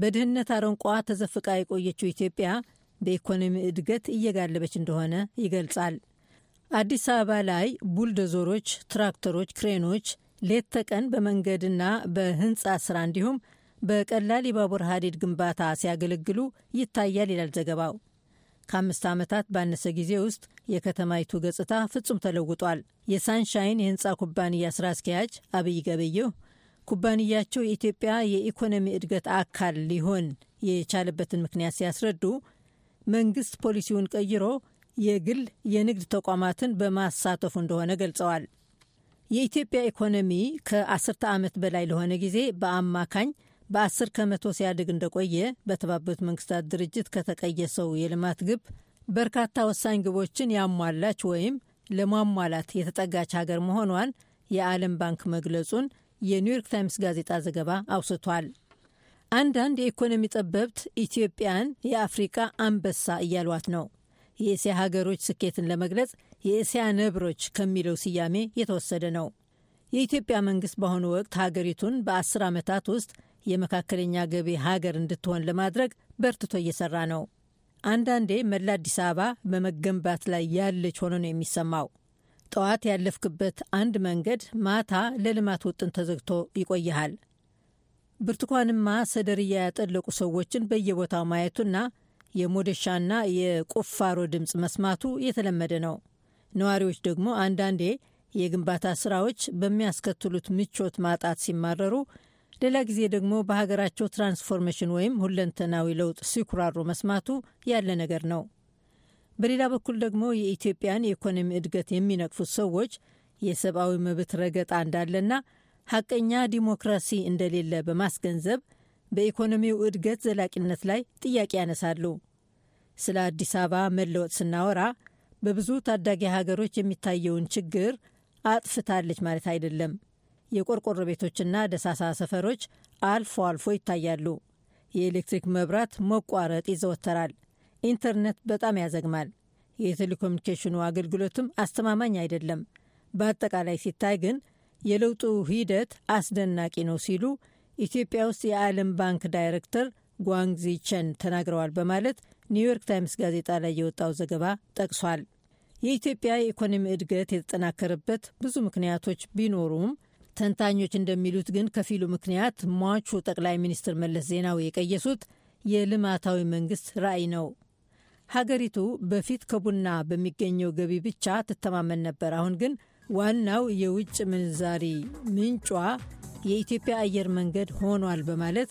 በድህነት አረንቋ ተዘፍቃ የቆየችው ኢትዮጵያ በኢኮኖሚ እድገት እየጋለበች እንደሆነ ይገልጻል። አዲስ አበባ ላይ ቡልደዞሮች፣ ትራክተሮች፣ ክሬኖች ሌት ተቀን በመንገድና በህንፃ ስራ እንዲሁም በቀላል የባቡር ሀዲድ ግንባታ ሲያገለግሉ ይታያል ይላል ዘገባው። ከአምስት ዓመታት ባነሰ ጊዜ ውስጥ የከተማይቱ ገጽታ ፍጹም ተለውጧል። የሳንሻይን የህንፃ ኩባንያ ስራ አስኪያጅ አብይ ገበየሁ ኩባንያቸው የኢትዮጵያ የኢኮኖሚ እድገት አካል ሊሆን የቻለበትን ምክንያት ሲያስረዱ መንግስት ፖሊሲውን ቀይሮ የግል የንግድ ተቋማትን በማሳተፉ እንደሆነ ገልጸዋል። የኢትዮጵያ ኢኮኖሚ ከአስርተ ዓመት በላይ ለሆነ ጊዜ በአማካኝ በአስር ከመቶ ሲያድግ እንደቆየ በተባበሩት መንግስታት ድርጅት ከተቀየሰው የልማት ግብ በርካታ ወሳኝ ግቦችን ያሟላች ወይም ለማሟላት የተጠጋች ሀገር መሆኗን የዓለም ባንክ መግለጹን የኒውዮርክ ታይምስ ጋዜጣ ዘገባ አውስቷል። አንዳንድ የኢኮኖሚ ጠበብት ኢትዮጵያን የአፍሪቃ አንበሳ እያሏት ነው። የእስያ ሀገሮች ስኬትን ለመግለጽ የእስያ ነብሮች ከሚለው ስያሜ የተወሰደ ነው። የኢትዮጵያ መንግስት በአሁኑ ወቅት ሀገሪቱን በአስር ዓመታት ውስጥ የመካከለኛ ገቢ ሀገር እንድትሆን ለማድረግ በርትቶ እየሰራ ነው። አንዳንዴ መላ አዲስ አበባ በመገንባት ላይ ያለች ሆኖ ነው የሚሰማው። ጠዋት ያለፍክበት አንድ መንገድ ማታ ለልማት ውጥን ተዘግቶ ይቆይሃል። ብርቱካንማ ሰደርያ ያጠለቁ ሰዎችን በየቦታው ማየቱና የሞደሻና የቁፋሮ ድምፅ መስማቱ የተለመደ ነው። ነዋሪዎች ደግሞ አንዳንዴ የግንባታ ስራዎች በሚያስከትሉት ምቾት ማጣት ሲማረሩ፣ ሌላ ጊዜ ደግሞ በሀገራቸው ትራንስፎርሜሽን ወይም ሁለንተናዊ ለውጥ ሲኩራሩ መስማቱ ያለ ነገር ነው። በሌላ በኩል ደግሞ የኢትዮጵያን የኢኮኖሚ እድገት የሚነቅፉት ሰዎች የሰብአዊ መብት ረገጣ እንዳለና ሀቀኛ ዲሞክራሲ እንደሌለ በማስገንዘብ በኢኮኖሚው እድገት ዘላቂነት ላይ ጥያቄ ያነሳሉ። ስለ አዲስ አበባ መለወጥ ስናወራ በብዙ ታዳጊ ሀገሮች የሚታየውን ችግር አጥፍታለች ማለት አይደለም። የቆርቆሮ ቤቶችና ደሳሳ ሰፈሮች አልፎ አልፎ ይታያሉ። የኤሌክትሪክ መብራት መቋረጥ ይዘወተራል። ኢንተርኔት በጣም ያዘግማል። የቴሌኮሙኒኬሽኑ አገልግሎትም አስተማማኝ አይደለም። በአጠቃላይ ሲታይ ግን የለውጡ ሂደት አስደናቂ ነው ሲሉ ኢትዮጵያ ውስጥ የዓለም ባንክ ዳይሬክተር ጓንግዚ ቸን ተናግረዋል በማለት ኒውዮርክ ታይምስ ጋዜጣ ላይ የወጣው ዘገባ ጠቅሷል። የኢትዮጵያ የኢኮኖሚ እድገት የተጠናከረበት ብዙ ምክንያቶች ቢኖሩም ተንታኞች እንደሚሉት ግን ከፊሉ ምክንያት ሟቹ ጠቅላይ ሚኒስትር መለስ ዜናዊ የቀየሱት የልማታዊ መንግስት ራዕይ ነው። ሀገሪቱ በፊት ከቡና በሚገኘው ገቢ ብቻ ትተማመን ነበር። አሁን ግን ዋናው የውጭ ምንዛሪ ምንጯ የኢትዮጵያ አየር መንገድ ሆኗል በማለት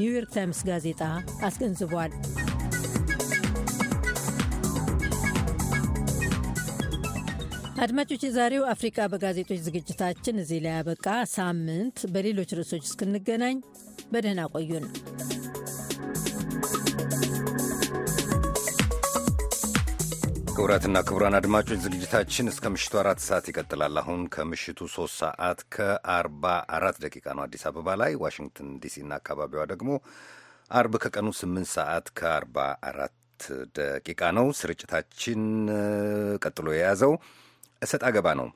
ኒውዮርክ ታይምስ ጋዜጣ አስገንዝቧል። አድማጮች፣ የዛሬው አፍሪቃ በጋዜጦች ዝግጅታችን እዚህ ላይ ያበቃ። ሳምንት በሌሎች ርዕሶች እስክንገናኝ በደህና ቆዩን። ክቡራትና ክቡራን አድማጮች ዝግጅታችን እስከ ምሽቱ አራት ሰዓት ይቀጥላል። አሁን ከምሽቱ ሶስት ሰዓት ከአርባ አራት ደቂቃ ነው አዲስ አበባ ላይ። ዋሽንግተን ዲሲና አካባቢዋ ደግሞ አርብ ከቀኑ ስምንት ሰዓት ከአርባ አራት ደቂቃ ነው። ስርጭታችን ቀጥሎ የያዘው እሰጥ አገባ ነው።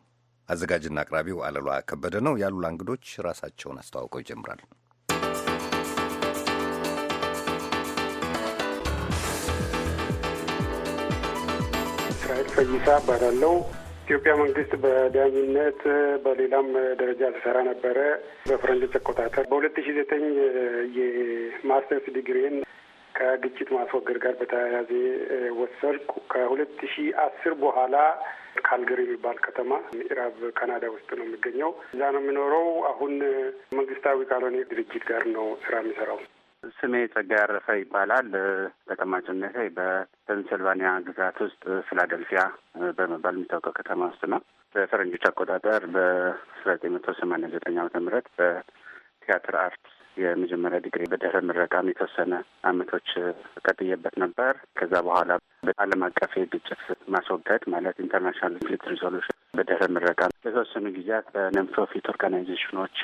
አዘጋጅና አቅራቢው አለሏ ከበደ ነው። ያሉላ እንግዶች ራሳቸውን አስተዋውቀው ይጀምራል። እስራኤል ፈይሳ እባላለሁ። ኢትዮጵያ መንግስት በዳኝነት በሌላም ደረጃ ተሰራ ነበረ። በፈረንጆች አቆጣጠር በሁለት ሺ ዘጠኝ የማስተርስ ዲግሪን ከግጭት ማስወገድ ጋር በተያያዘ ወሰድኩ። ከሁለት ሺ አስር በኋላ ካልገሪ የሚባል ከተማ ምዕራብ ካናዳ ውስጥ ነው የሚገኘው። እዛ ነው የሚኖረው። አሁን መንግስታዊ ካልሆነ ድርጅት ጋር ነው ስራ የሚሰራው። ስሜ ጸጋ ያረፈ ይባላል። ተቀማጭነቴ በፔንስልቫኒያ ግዛት ውስጥ ፊላደልፊያ በመባል የሚታወቀው ከተማ ውስጥ ነው። በፈረንጆች አቆጣጠር በአስራ ዘጠኝ መቶ ሰማንያ ዘጠኝ ዓመተ ምህረት በቲያትር አርት የመጀመሪያ ዲግሪ በድህረ ምረቃም የተወሰነ አመቶች ቀጥዬበት ነበር። ከዛ በኋላ በዓለም አቀፍ የግጭት ማስወገድ ማለት ኢንተርናሽናል ኮንፍሊክት ሪዞሉሽን በድህረ ምረቃም ለተወሰኑ ጊዜያት በነን ፕሮፊት ኦርጋናይዜሽኖች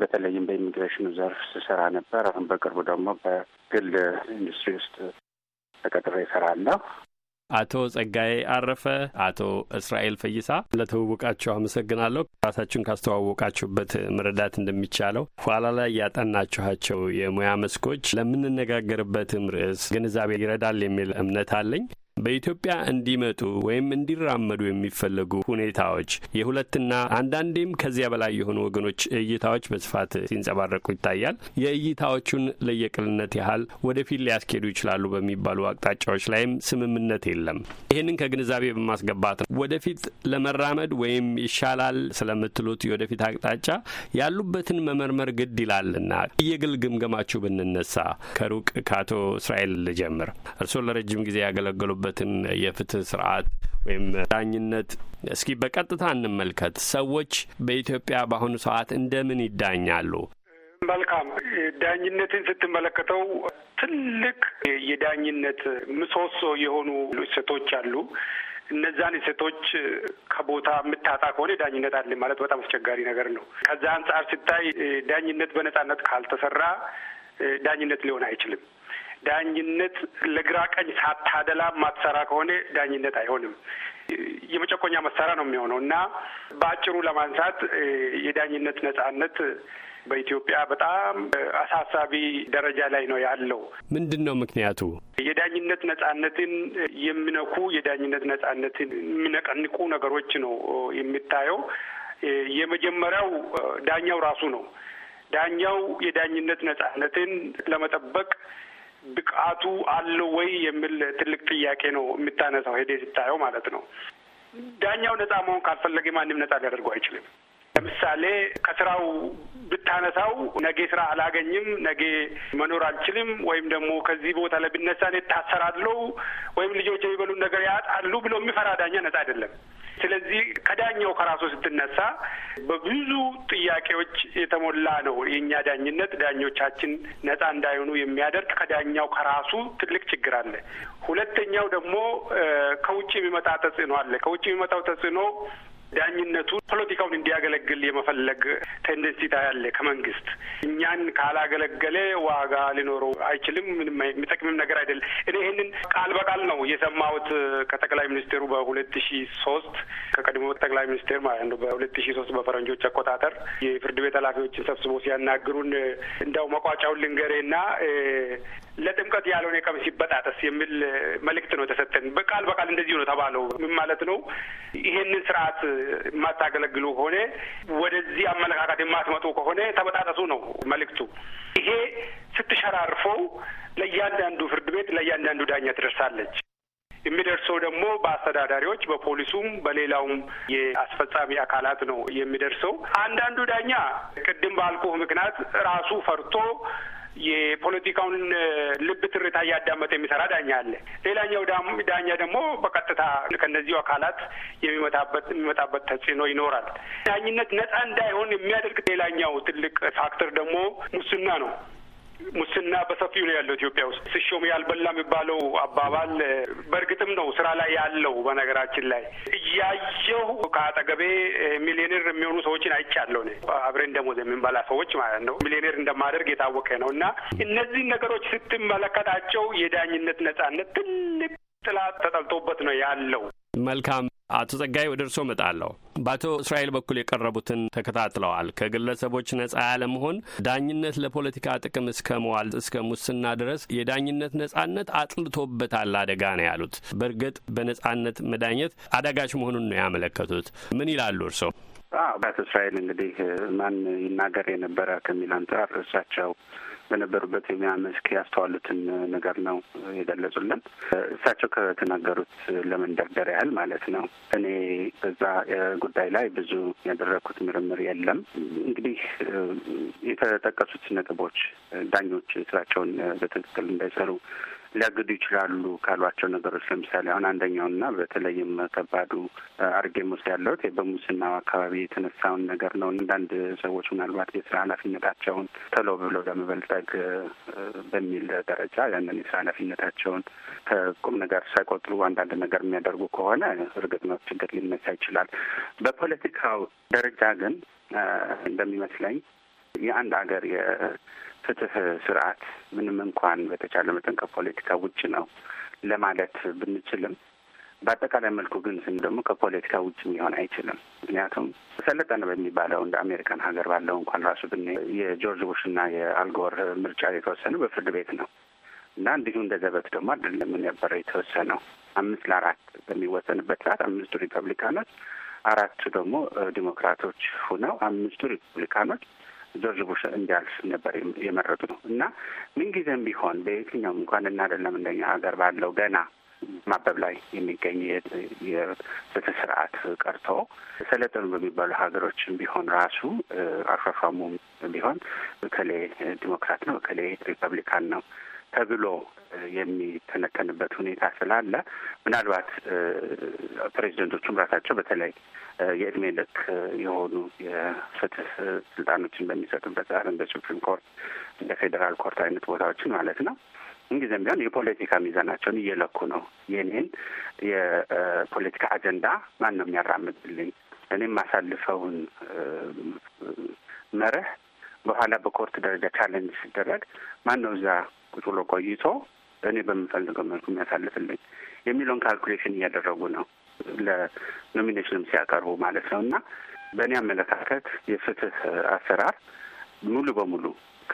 በተለይም በኢሚግሬሽኑ ዘርፍ ስሰራ ነበር። አሁን በቅርቡ ደግሞ በግል ኢንዱስትሪ ውስጥ ተቀጥሬ እሰራለሁ። አቶ ጸጋዬ አረፈ፣ አቶ እስራኤል ፈይሳ ለተዋወቃችሁ አመሰግናለሁ። ራሳችሁን ካስተዋወቃችሁበት መረዳት እንደሚቻለው ኋላ ላይ ያጠናችኋቸው የሙያ መስኮች ለምንነጋገርበትም ርዕስ ግንዛቤ ይረዳል የሚል እምነት አለኝ። በኢትዮጵያ እንዲመጡ ወይም እንዲራመዱ የሚፈለጉ ሁኔታዎች የሁለትና አንዳንዴም ከዚያ በላይ የሆኑ ወገኖች እይታዎች በስፋት ሲንጸባረቁ ይታያል። የእይታዎቹን ለየቅልነት ያህል ወደፊት ሊያስኬዱ ይችላሉ በሚባሉ አቅጣጫዎች ላይም ስምምነት የለም። ይህንን ከግንዛቤ በማስገባት ነው ወደፊት ለመራመድ ወይም ይሻላል ስለምትሉት የወደፊት አቅጣጫ ያሉበትን መመርመር ግድ ይላልና የግል ግምገማችሁ ብንነሳ ከሩቅ ከአቶ እስራኤል ልጀምር። እርስዎ ለረጅም ጊዜ ያገለገሉበት ያለበትን የፍትህ ስርዓት ወይም ዳኝነት እስኪ በቀጥታ እንመልከት። ሰዎች በኢትዮጵያ በአሁኑ ሰዓት እንደምን ይዳኛሉ? መልካም ዳኝነትን ስትመለከተው ትልቅ የዳኝነት ምሰሶ የሆኑ እሴቶች አሉ። እነዛን እሴቶች ከቦታ የምታጣ ከሆነ ዳኝነት አለ ማለት በጣም አስቸጋሪ ነገር ነው። ከዛ አንጻር ሲታይ ዳኝነት በነጻነት ካልተሰራ ዳኝነት ሊሆን አይችልም። ዳኝነት ለግራ ቀኝ ሳታደላ ማትሰራ ከሆነ ዳኝነት አይሆንም። የመጨቆኛ መሳሪያ ነው የሚሆነው እና በአጭሩ ለማንሳት የዳኝነት ነጻነት በኢትዮጵያ በጣም አሳሳቢ ደረጃ ላይ ነው ያለው። ምንድን ነው ምክንያቱ? የዳኝነት ነጻነትን የሚነኩ የዳኝነት ነጻነትን የሚነቀንቁ ነገሮች ነው የሚታየው። የመጀመሪያው ዳኛው ራሱ ነው። ዳኛው የዳኝነት ነጻነትን ለመጠበቅ ብቃቱ አለው ወይ የሚል ትልቅ ጥያቄ ነው የምታነሳው። ሄዴ ስታየው ማለት ነው። ዳኛው ነጻ መሆን ካልፈለገ ማንም ነጻ ሊያደርገው አይችልም። ለምሳሌ ከስራው ብታነሳው ነገ ስራ አላገኝም፣ ነገ መኖር አልችልም፣ ወይም ደግሞ ከዚህ ቦታ ላይ ብነሳ እኔ ወይም ልጆች የሚበሉት ነገር ያጣሉ ብሎ የሚፈራ ዳኛ ነጻ አይደለም። ስለዚህ ከዳኛው ከራሱ ስትነሳ በብዙ ጥያቄዎች የተሞላ ነው የእኛ ዳኝነት። ዳኞቻችን ነጻ እንዳይሆኑ የሚያደርግ ከዳኛው ከራሱ ትልቅ ችግር አለ። ሁለተኛው ደግሞ ከውጭ የሚመጣ ተጽዕኖ አለ። ከውጭ የሚመጣው ተጽዕኖ ዳኝነቱ ፖለቲካውን እንዲያገለግል የመፈለግ ቴንደንሲ ታያለ። ከመንግስት እኛን ካላገለገለ ዋጋ ሊኖረው አይችልም፣ ምንም የሚጠቅምም ነገር አይደለም። እኔ ይህንን ቃል በቃል ነው የሰማሁት ከጠቅላይ ሚኒስቴሩ በሁለት ሺ ሶስት ከቀድሞ ጠቅላይ ሚኒስቴር ማለት ነው በሁለት ሺ ሶስት በፈረንጆች አቆጣጠር የፍርድ ቤት ኃላፊዎችን ሰብስቦ ሲያናግሩን እንደው መቋጫውን ልንገሬ ና ለጥምቀት ያልሆነ ቀሚስ ይበጣጠስ የሚል መልእክት ነው የተሰጠን። በቃል በቃል እንደዚሁ ነው ተባለው። ምን ማለት ነው? ይሄንን ስርዓት የማታገለግሉ ከሆነ ወደዚህ አመለካከት የማትመጡ ከሆነ ተበጣጠሱ ነው መልእክቱ። ይሄ ስትሸራርፈው ለእያንዳንዱ ፍርድ ቤት ለእያንዳንዱ ዳኛ ትደርሳለች። የሚደርሰው ደግሞ በአስተዳዳሪዎች፣ በፖሊሱም፣ በሌላውም የአስፈጻሚ አካላት ነው የሚደርሰው። አንዳንዱ ዳኛ ቅድም ባልኩ ምክንያት ራሱ ፈርቶ የፖለቲካውን ልብ ትርታ እያዳመጠ የሚሰራ ዳኛ አለ። ሌላኛው ዳኛ ደግሞ በቀጥታ ከነዚሁ አካላት የሚመጣበት የሚመጣበት ተጽዕኖ ይኖራል። ዳኝነት ነጻ እንዳይሆን የሚያደርግ ሌላኛው ትልቅ ፋክተር ደግሞ ሙስና ነው። ሙስና በሰፊው ነው ያለው ኢትዮጵያ ውስጥ። ስሾም ያልበላ የሚባለው አባባል በእርግጥም ነው ስራ ላይ ያለው። በነገራችን ላይ እያየሁ ከአጠገቤ ሚሊዮኔር የሚሆኑ ሰዎችን አይቻለሁ። እኔ አብሬን ደሞዝ የምንበላ ሰዎች ማለት ነው። ሚሊዮኔር እንደማደርግ የታወቀ ነው። እና እነዚህ ነገሮች ስትመለከታቸው የዳኝነት ነጻነት ትልቅ ጥላት ተጠልቶበት ነው ያለው። መልካም አቶ ጸጋይ ወደ እርስዎ እመጣለሁ። በአቶ እስራኤል በኩል የቀረቡትን ተከታትለዋል። ከግለሰቦች ነጻ ያለመሆን ዳኝነት ለፖለቲካ ጥቅም እስከ መዋል እስከ ሙስና ድረስ የዳኝነት ነጻነት አጥልቶበታል አደጋ ነው ያሉት። በእርግጥ በነጻነት መዳኘት አዳጋች መሆኑን ነው ያመለከቱት። ምን ይላሉ እርስዎ? አቶ እስራኤል እንግዲህ ማን ይናገር የነበረ ከሚል አንጻር እርሳቸው በነበሩበት የሙያ መስክ ያስተዋሉትን ነገር ነው የገለጹልን። እሳቸው ከተናገሩት ለመንደርደር ያህል ማለት ነው። እኔ በዛ ጉዳይ ላይ ብዙ ያደረግኩት ምርምር የለም። እንግዲህ የተጠቀሱት ነጥቦች ዳኞች ስራቸውን በትክክል እንዳይሰሩ ሊያግዱ ይችላሉ ካሏቸው ነገሮች ለምሳሌ አሁን አንደኛውና በተለይም ከባዱ ውስጥ ያለሁት በሙስናው አካባቢ የተነሳውን ነገር ነው። አንዳንድ ሰዎች ምናልባት የስራ ኃላፊነታቸውን ተሎ ብለው ለመበልጠግ በሚል ደረጃ ያንን የስራ ኃላፊነታቸውን ከቁም ነገር ሳይቆጥሩ አንዳንድ ነገር የሚያደርጉ ከሆነ እርግጥ ነው ችግር ሊነሳ ይችላል። በፖለቲካው ደረጃ ግን እንደሚመስለኝ የአንድ ሀገር ፍትህ ስርዓት ምንም እንኳን በተቻለ መጠን ከፖለቲካ ውጭ ነው ለማለት ብንችልም በአጠቃላይ መልኩ ግን ስም ደግሞ ከፖለቲካ ውጭ ሊሆን አይችልም። ምክንያቱም ሰለጠነ በሚባለው እንደ አሜሪካን ሀገር ባለው እንኳን ራሱ ብን የጆርጅ ቡሽና የአልጎር ምርጫ የተወሰነ በፍርድ ቤት ነው እና እንዲሁ እንደ ዘበት ደግሞ አይደለም የነበረ የተወሰነው አምስት ለአራት በሚወሰንበት ሰዓት አምስቱ ሪፐብሊካኖች አራቱ ደግሞ ዲሞክራቶች ሁነው አምስቱ ሪፐብሊካኖች ጆርጅ ቡሽ እንዲያልፍ ነበር የመረጡ ነው እና ምንጊዜም ቢሆን በየትኛውም እንኳን እና አይደለም እንደኛ ሀገር ባለው ገና ማበብ ላይ የሚገኝ የፍትህ ስርዓት ቀርቶ ሰለጠኑ በሚባሉ ሀገሮችም ቢሆን ራሱ አሿሿሙም ቢሆን እከሌ ዲሞክራት ነው፣ እከሌ ሪፐብሊካን ነው ተብሎ የሚተነተንበት ሁኔታ ስላለ ምናልባት ፕሬዚደንቶቹም ራሳቸው በተለይ የእድሜ ልክ የሆኑ የፍትህ ስልጣኖችን በሚሰጡበት ዛር እንደ ሱፕሪም ኮርት፣ እንደ ፌዴራል ኮርት አይነት ቦታዎችን ማለት ነው እንጊዜም ቢሆን የፖለቲካ ሚዛናቸውን እየለኩ ነው። የኔን የፖለቲካ አጀንዳ ማን ነው የሚያራምድልኝ? እኔ የማሳልፈውን መርህ በኋላ በኮርት ደረጃ ቻለንጅ ሲደረግ ማን ነው እዛ ቁጭ ብሎ ቆይቶ እኔ በምፈልገው መልኩ የሚያሳልፍልኝ የሚለውን ካልኩሌሽን እያደረጉ ነው ለኖሚኔሽንም ሲያቀርቡ ማለት ነው። እና በእኔ አመለካከት የፍትህ አሰራር ሙሉ በሙሉ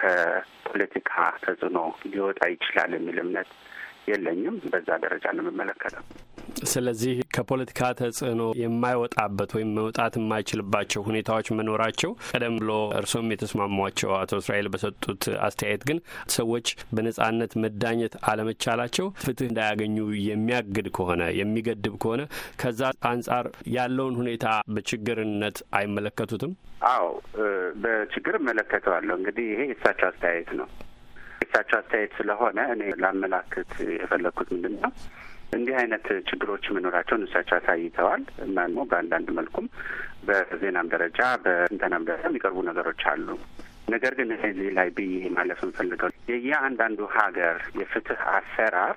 ከፖለቲካ ተጽዕኖ ሊወጣ ይችላል የሚል እምነት የለኝም። በዛ ደረጃ ነው የምመለከተው። ስለዚህ ከፖለቲካ ተጽዕኖ የማይወጣበት ወይም መውጣት የማይችልባቸው ሁኔታዎች መኖራቸው ቀደም ብሎ እርስዎም የተስማሟቸው አቶ እስራኤል በሰጡት አስተያየት ግን ሰዎች በነጻነት መዳኘት አለመቻላቸው ፍትህ እንዳያገኙ የሚያግድ ከሆነ የሚገድብ ከሆነ ከዛ አንጻር ያለውን ሁኔታ በችግርነት አይመለከቱትም? አዎ፣ በችግር እመለከተዋለሁ። እንግዲህ ይሄ የእሳቸው አስተያየት ነው። የእሳቸው አስተያየት ስለሆነ እኔ ላመላክት የፈለግኩት ምንድን ነው እንዲህ አይነት ችግሮች መኖራቸውን እሳቸው አሳይተዋል እና ደግሞ በአንዳንድ መልኩም በዜናም ደረጃ በስንተናም ደረጃ የሚቀርቡ ነገሮች አሉ። ነገር ግን እዚህ ላይ ብዬ ማለፍ እንፈልገው የየአንዳንዱ ሀገር የፍትህ አሰራር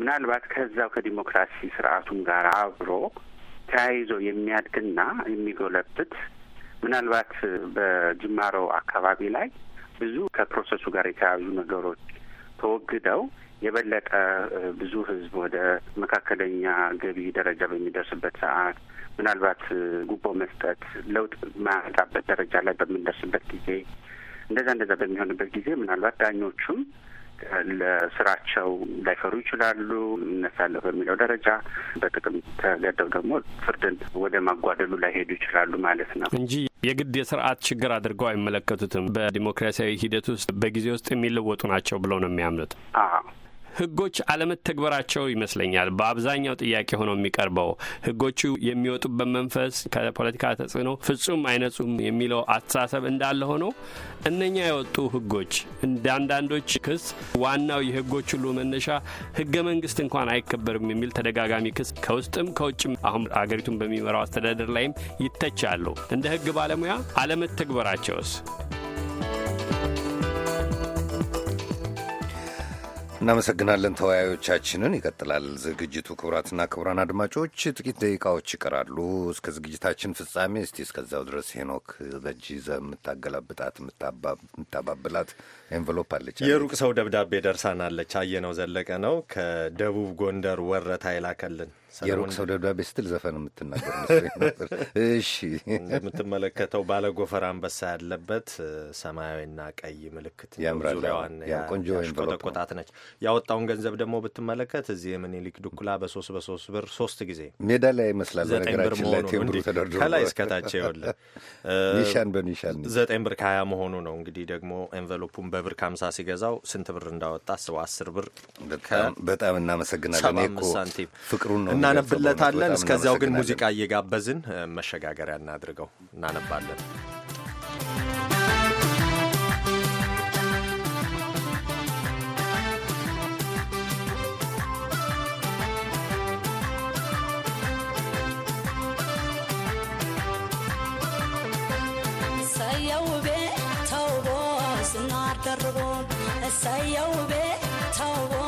ምናልባት ከዛው ከዲሞክራሲ ስርዓቱም ጋር አብሮ ተያይዞ የሚያድግና የሚጎለብት ምናልባት በጅማሮ አካባቢ ላይ ብዙ ከፕሮሰሱ ጋር የተያያዙ ነገሮች ተወግደው የበለጠ ብዙ ህዝብ ወደ መካከለኛ ገቢ ደረጃ በሚደርስበት ሰዓት ምናልባት ጉቦ መስጠት ለውጥ ማያመጣበት ደረጃ ላይ በምንደርስበት ጊዜ እንደዛ እንደዛ በሚሆንበት ጊዜ ምናልባት ዳኞቹም ለስራቸው ላይፈሩ ይችላሉ። እነሳለሁ በሚለው ደረጃ በጥቅም ተገደው ደግሞ ፍርድን ወደ ማጓደሉ ላይሄዱ ይችላሉ ማለት ነው እንጂ የግድ የስርዓት ችግር አድርገው አይመለከቱትም። በዲሞክራሲያዊ ሂደት ውስጥ በጊዜ ውስጥ የሚለወጡ ናቸው ብለው ነው የሚያምኑት። ህጎች አለመተግበራቸው ይመስለኛል በአብዛኛው ጥያቄ ሆኖ የሚቀርበው ህጎቹ የሚወጡበት መንፈስ ከፖለቲካ ተጽዕኖ ፍጹም አይነጹም የሚለው አስተሳሰብ እንዳለ ሆኖ እነኛ የወጡ ህጎች እንደ አንዳንዶች ክስ ዋናው የህጎች ሁሉ መነሻ ህገ መንግስት እንኳን አይከበርም የሚል ተደጋጋሚ ክስ ከውስጥም ከውጭም አሁን አገሪቱን በሚመራው አስተዳደር ላይም ይተቻሉ። እንደ ህግ ባለሙያ አለመተግበራቸውስ እናመሰግናለን ተወያዮቻችንን። ይቀጥላል ዝግጅቱ። ክቡራትና ክቡራን አድማጮች ጥቂት ደቂቃዎች ይቀራሉ እስከ ዝግጅታችን ፍጻሜ። እስቲ እስከዛው ድረስ ሄኖክ በእጅ ይዘህ የምታገላብጣት የምታባብላት ኤንቨሎፕ አለች። የሩቅ ሰው ደብዳቤ ደርሳናለች። አየነው ዘለቀ ነው ከደቡብ ጎንደር ወረታ ይላከልን። የሩቅ ሰው ደብዳቤ ስትል ዘፈን የምትናገር ነበር። እሺ፣ እንደምትመለከተው ባለ ጎፈር አንበሳ ያለበት ሰማያዊና ቀይ ምልክት ዙሪያዋን ያሽቆጠቆጣት ነች። ያወጣውን ገንዘብ ደግሞ ብትመለከት እዚህ የምኒልክ ድኩላ በሶስት በሶስት ብር ሶስት ጊዜ ሜዳ ላይ ይመስላል። በነገራችን ላይ ቴምብሩ ተደርድሮ ከላይ እስከታች ይወለ ኒሻን በኒሻን ዘጠኝ ብር ከሀያ መሆኑ ነው። እንግዲህ ደግሞ ኤንቨሎፑን በብር ከሀምሳ ሲገዛው ስንት ብር እንዳወጣ አስበው። አስር ብር በጣም እናመሰግናለን። ሳንቲም ፍቅሩን ነው እናነብለታለን። እስከዚያው ግን ሙዚቃ እየጋበዝን መሸጋገሪያ እናድርገው፣ እናነባለን። ቤት a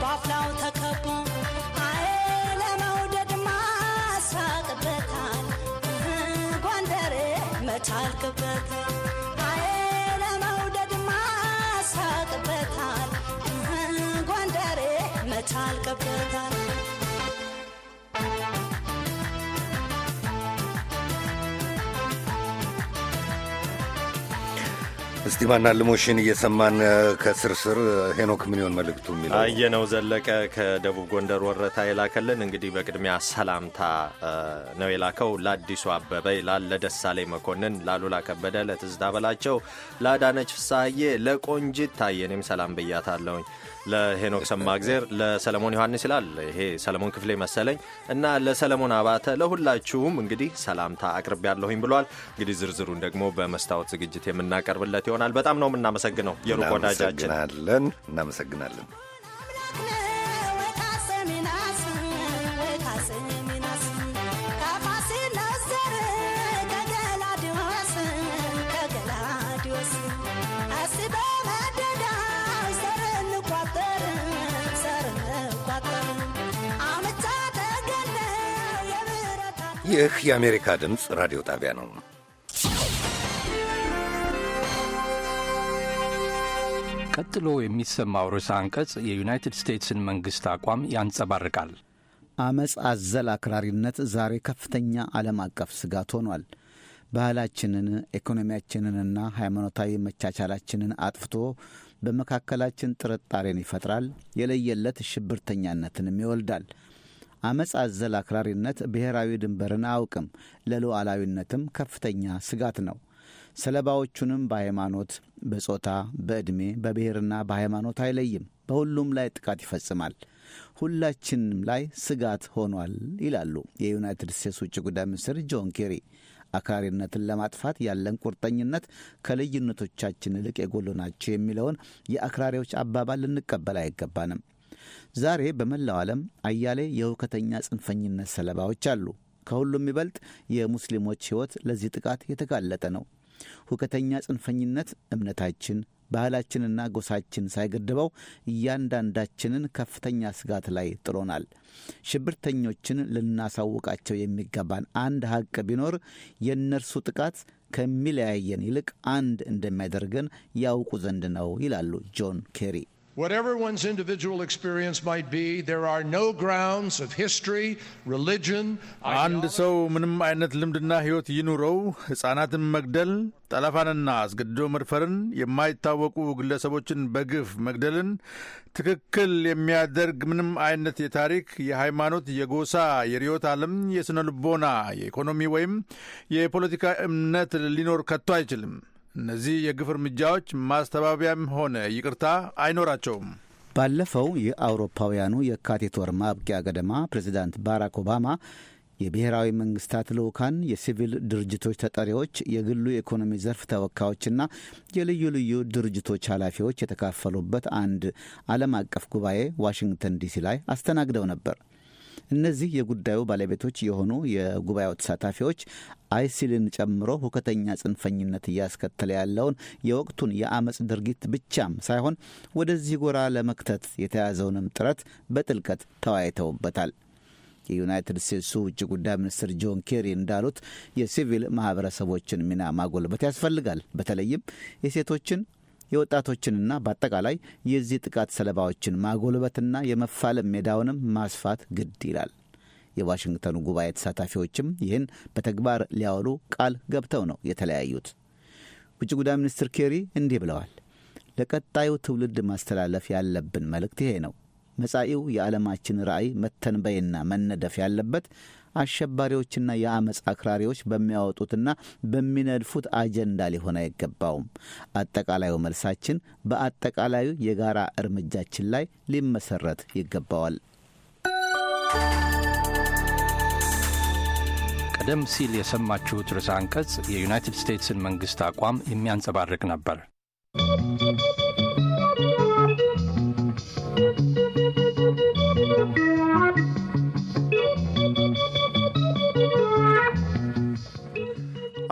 ባፍላው ተከቦ። ከቻልክበት ባለመውደድማ ሳቅበታል ጎንደሬ መቻልክበታል ቲማና ልሞሽን እየሰማን ከስርስር ሄኖክ ምን ይሆን መልእክቱ የሚለው አየነው ዘለቀ ከደቡብ ጎንደር ወረታ የላከልን። እንግዲህ በቅድሚያ ሰላምታ ነው የላከው ለአዲሱ አበበ ይላል፣ ለደሳሌ መኮንን፣ ላሉላ ከበደ፣ ለትዝታ በላቸው፣ ለአዳነች ፍሳዬ ለቆንጅት ታየንም ሰላም ብያታለውኝ ለሄኖክ እግዜር ለሰለሞን ዮሐንስ ይላል ይሄ ሰለሞን ክፍሌ መሰለኝ እና ለሰለሞን አባተ ለሁላችሁም እንግዲህ ሰላምታ አቅርብ ያለሁኝ ብሏል። እንግዲህ ዝርዝሩን ደግሞ በመስታወት ዝግጅት የምናቀርብለት ይሆናል። በጣም ነው የምናመሰግነው የሩቅ ወዳጃችን። እናመሰግናለን። እናመሰግናለን። ይህ የአሜሪካ ድምፅ ራዲዮ ጣቢያ ነው። ቀጥሎ የሚሰማው ርዕሰ አንቀጽ የዩናይትድ ስቴትስን መንግሥት አቋም ያንጸባርቃል። አመፅ አዘል አክራሪነት ዛሬ ከፍተኛ ዓለም አቀፍ ስጋት ሆኗል። ባህላችንን፣ ኢኮኖሚያችንንና ሃይማኖታዊ መቻቻላችንን አጥፍቶ በመካከላችን ጥርጣሬን ይፈጥራል። የለየለት ሽብርተኛነትንም ይወልዳል። አመፅ አዘል አክራሪነት ብሔራዊ ድንበርን አያውቅም፣ ለሉዓላዊነትም ከፍተኛ ስጋት ነው። ሰለባዎቹንም በሃይማኖት፣ በጾታ፣ በዕድሜ፣ በብሔርና በሃይማኖት አይለይም። በሁሉም ላይ ጥቃት ይፈጽማል። ሁላችንም ላይ ስጋት ሆኗል ይላሉ የዩናይትድ ስቴትስ ውጭ ጉዳይ ሚኒስትር ጆን ኬሪ። አክራሪነትን ለማጥፋት ያለን ቁርጠኝነት ከልዩነቶቻችን ይልቅ የጎሉ ናቸው የሚለውን የአክራሪዎች አባባል ልንቀበል አይገባንም። ዛሬ በመላው ዓለም አያሌ የሁከተኛ ጽንፈኝነት ሰለባዎች አሉ። ከሁሉም ይበልጥ የሙስሊሞች ሕይወት ለዚህ ጥቃት የተጋለጠ ነው። ሁከተኛ ጽንፈኝነት እምነታችን፣ ባህላችንና ጎሳችን ሳይገድበው እያንዳንዳችንን ከፍተኛ ስጋት ላይ ጥሎናል። ሽብርተኞችን ልናሳውቃቸው የሚገባን አንድ ሀቅ ቢኖር የእነርሱ ጥቃት ከሚለያየን ይልቅ አንድ እንደሚያደርገን ያውቁ ዘንድ ነው ይላሉ ጆን ኬሪ። Whatever one's individual experience might be, there are no grounds of history, religion, አንድ ሰው ምንም አይነት ልምድና ህይወት ይኑረው ህፃናትን መግደል ጠለፋንና አስገድዶ መድፈርን የማይታወቁ ግለሰቦችን በግፍ መግደልን ትክክል የሚያደርግ ምንም አይነት የታሪክ፣ የሃይማኖት፣ የጎሳ፣ የርዕዮተ ዓለም፣ የስነ ልቦና፣ የኢኮኖሚ ወይም የፖለቲካ እምነት ሊኖር ከቶ አይችልም። እነዚህ የግፍ እርምጃዎች ማስተባበያም ሆነ ይቅርታ አይኖራቸውም። ባለፈው የአውሮፓውያኑ የካቲት ወር ማብቂያ ገደማ ፕሬዚዳንት ባራክ ኦባማ የብሔራዊ መንግስታት ልዑካን፣ የሲቪል ድርጅቶች ተጠሪዎች፣ የግሉ የኢኮኖሚ ዘርፍ ተወካዮችና የልዩ ልዩ ድርጅቶች ኃላፊዎች የተካፈሉበት አንድ ዓለም አቀፍ ጉባኤ ዋሽንግተን ዲሲ ላይ አስተናግደው ነበር። እነዚህ የጉዳዩ ባለቤቶች የሆኑ የጉባኤው ተሳታፊዎች አይሲልን ጨምሮ ሁከተኛ ጽንፈኝነት እያስከተለ ያለውን የወቅቱን የአመፅ ድርጊት ብቻም ሳይሆን ወደዚህ ጎራ ለመክተት የተያዘውንም ጥረት በጥልቀት ተወያይተውበታል። የዩናይትድ ስቴትሱ ውጭ ጉዳይ ሚኒስትር ጆን ኬሪ እንዳሉት የሲቪል ማህበረሰቦችን ሚና ማጎልበት ያስፈልጋል። በተለይም የሴቶችን የወጣቶችንና በአጠቃላይ የዚህ ጥቃት ሰለባዎችን ማጎልበትና የመፋለም ሜዳውንም ማስፋት ግድ ይላል። የዋሽንግተኑ ጉባኤ ተሳታፊዎችም ይህን በተግባር ሊያውሉ ቃል ገብተው ነው የተለያዩት። ውጭ ጉዳይ ሚኒስትር ኬሪ እንዲህ ብለዋል። ለቀጣዩ ትውልድ ማስተላለፍ ያለብን መልእክት ይሄ ነው። መጻኢው የዓለማችን ራእይ መተንበይና መነደፍ ያለበት አሸባሪዎችና የአመፅ አክራሪዎች በሚያወጡትና በሚነድፉት አጀንዳ ሊሆን አይገባውም። አጠቃላዩ መልሳችን በአጠቃላዩ የጋራ እርምጃችን ላይ ሊመሰረት ይገባዋል። ቀደም ሲል የሰማችሁት ርዕሰ አንቀጽ የዩናይትድ ስቴትስን መንግሥት አቋም የሚያንጸባርቅ ነበር።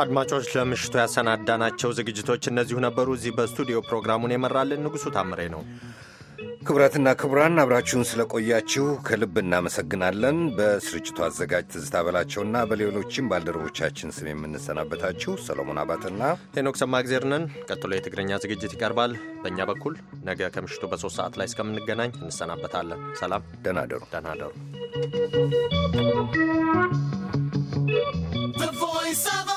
አድማጮች ለምሽቱ ያሰናዳናቸው ዝግጅቶች እነዚሁ ነበሩ። እዚህ በስቱዲዮ ፕሮግራሙን የመራልን ንጉሡ ታምሬ ነው። ክቡራትና ክቡራን አብራችሁን ስለቆያችሁ ከልብ እናመሰግናለን። በስርጭቱ አዘጋጅ ትዝታ በላቸውና በሌሎችም ባልደረቦቻችን ስም የምንሰናበታችሁ ሰሎሞን አባትና ሄኖክ ሰማእግዜር ነን። ቀጥሎ የትግርኛ ዝግጅት ይቀርባል። በእኛ በኩል ነገ ከምሽቱ በሶስት ሰዓት ላይ እስከምንገናኝ እንሰናበታለን። ሰላም፣ ደህና ደሩ፣ ደህና ደሩ።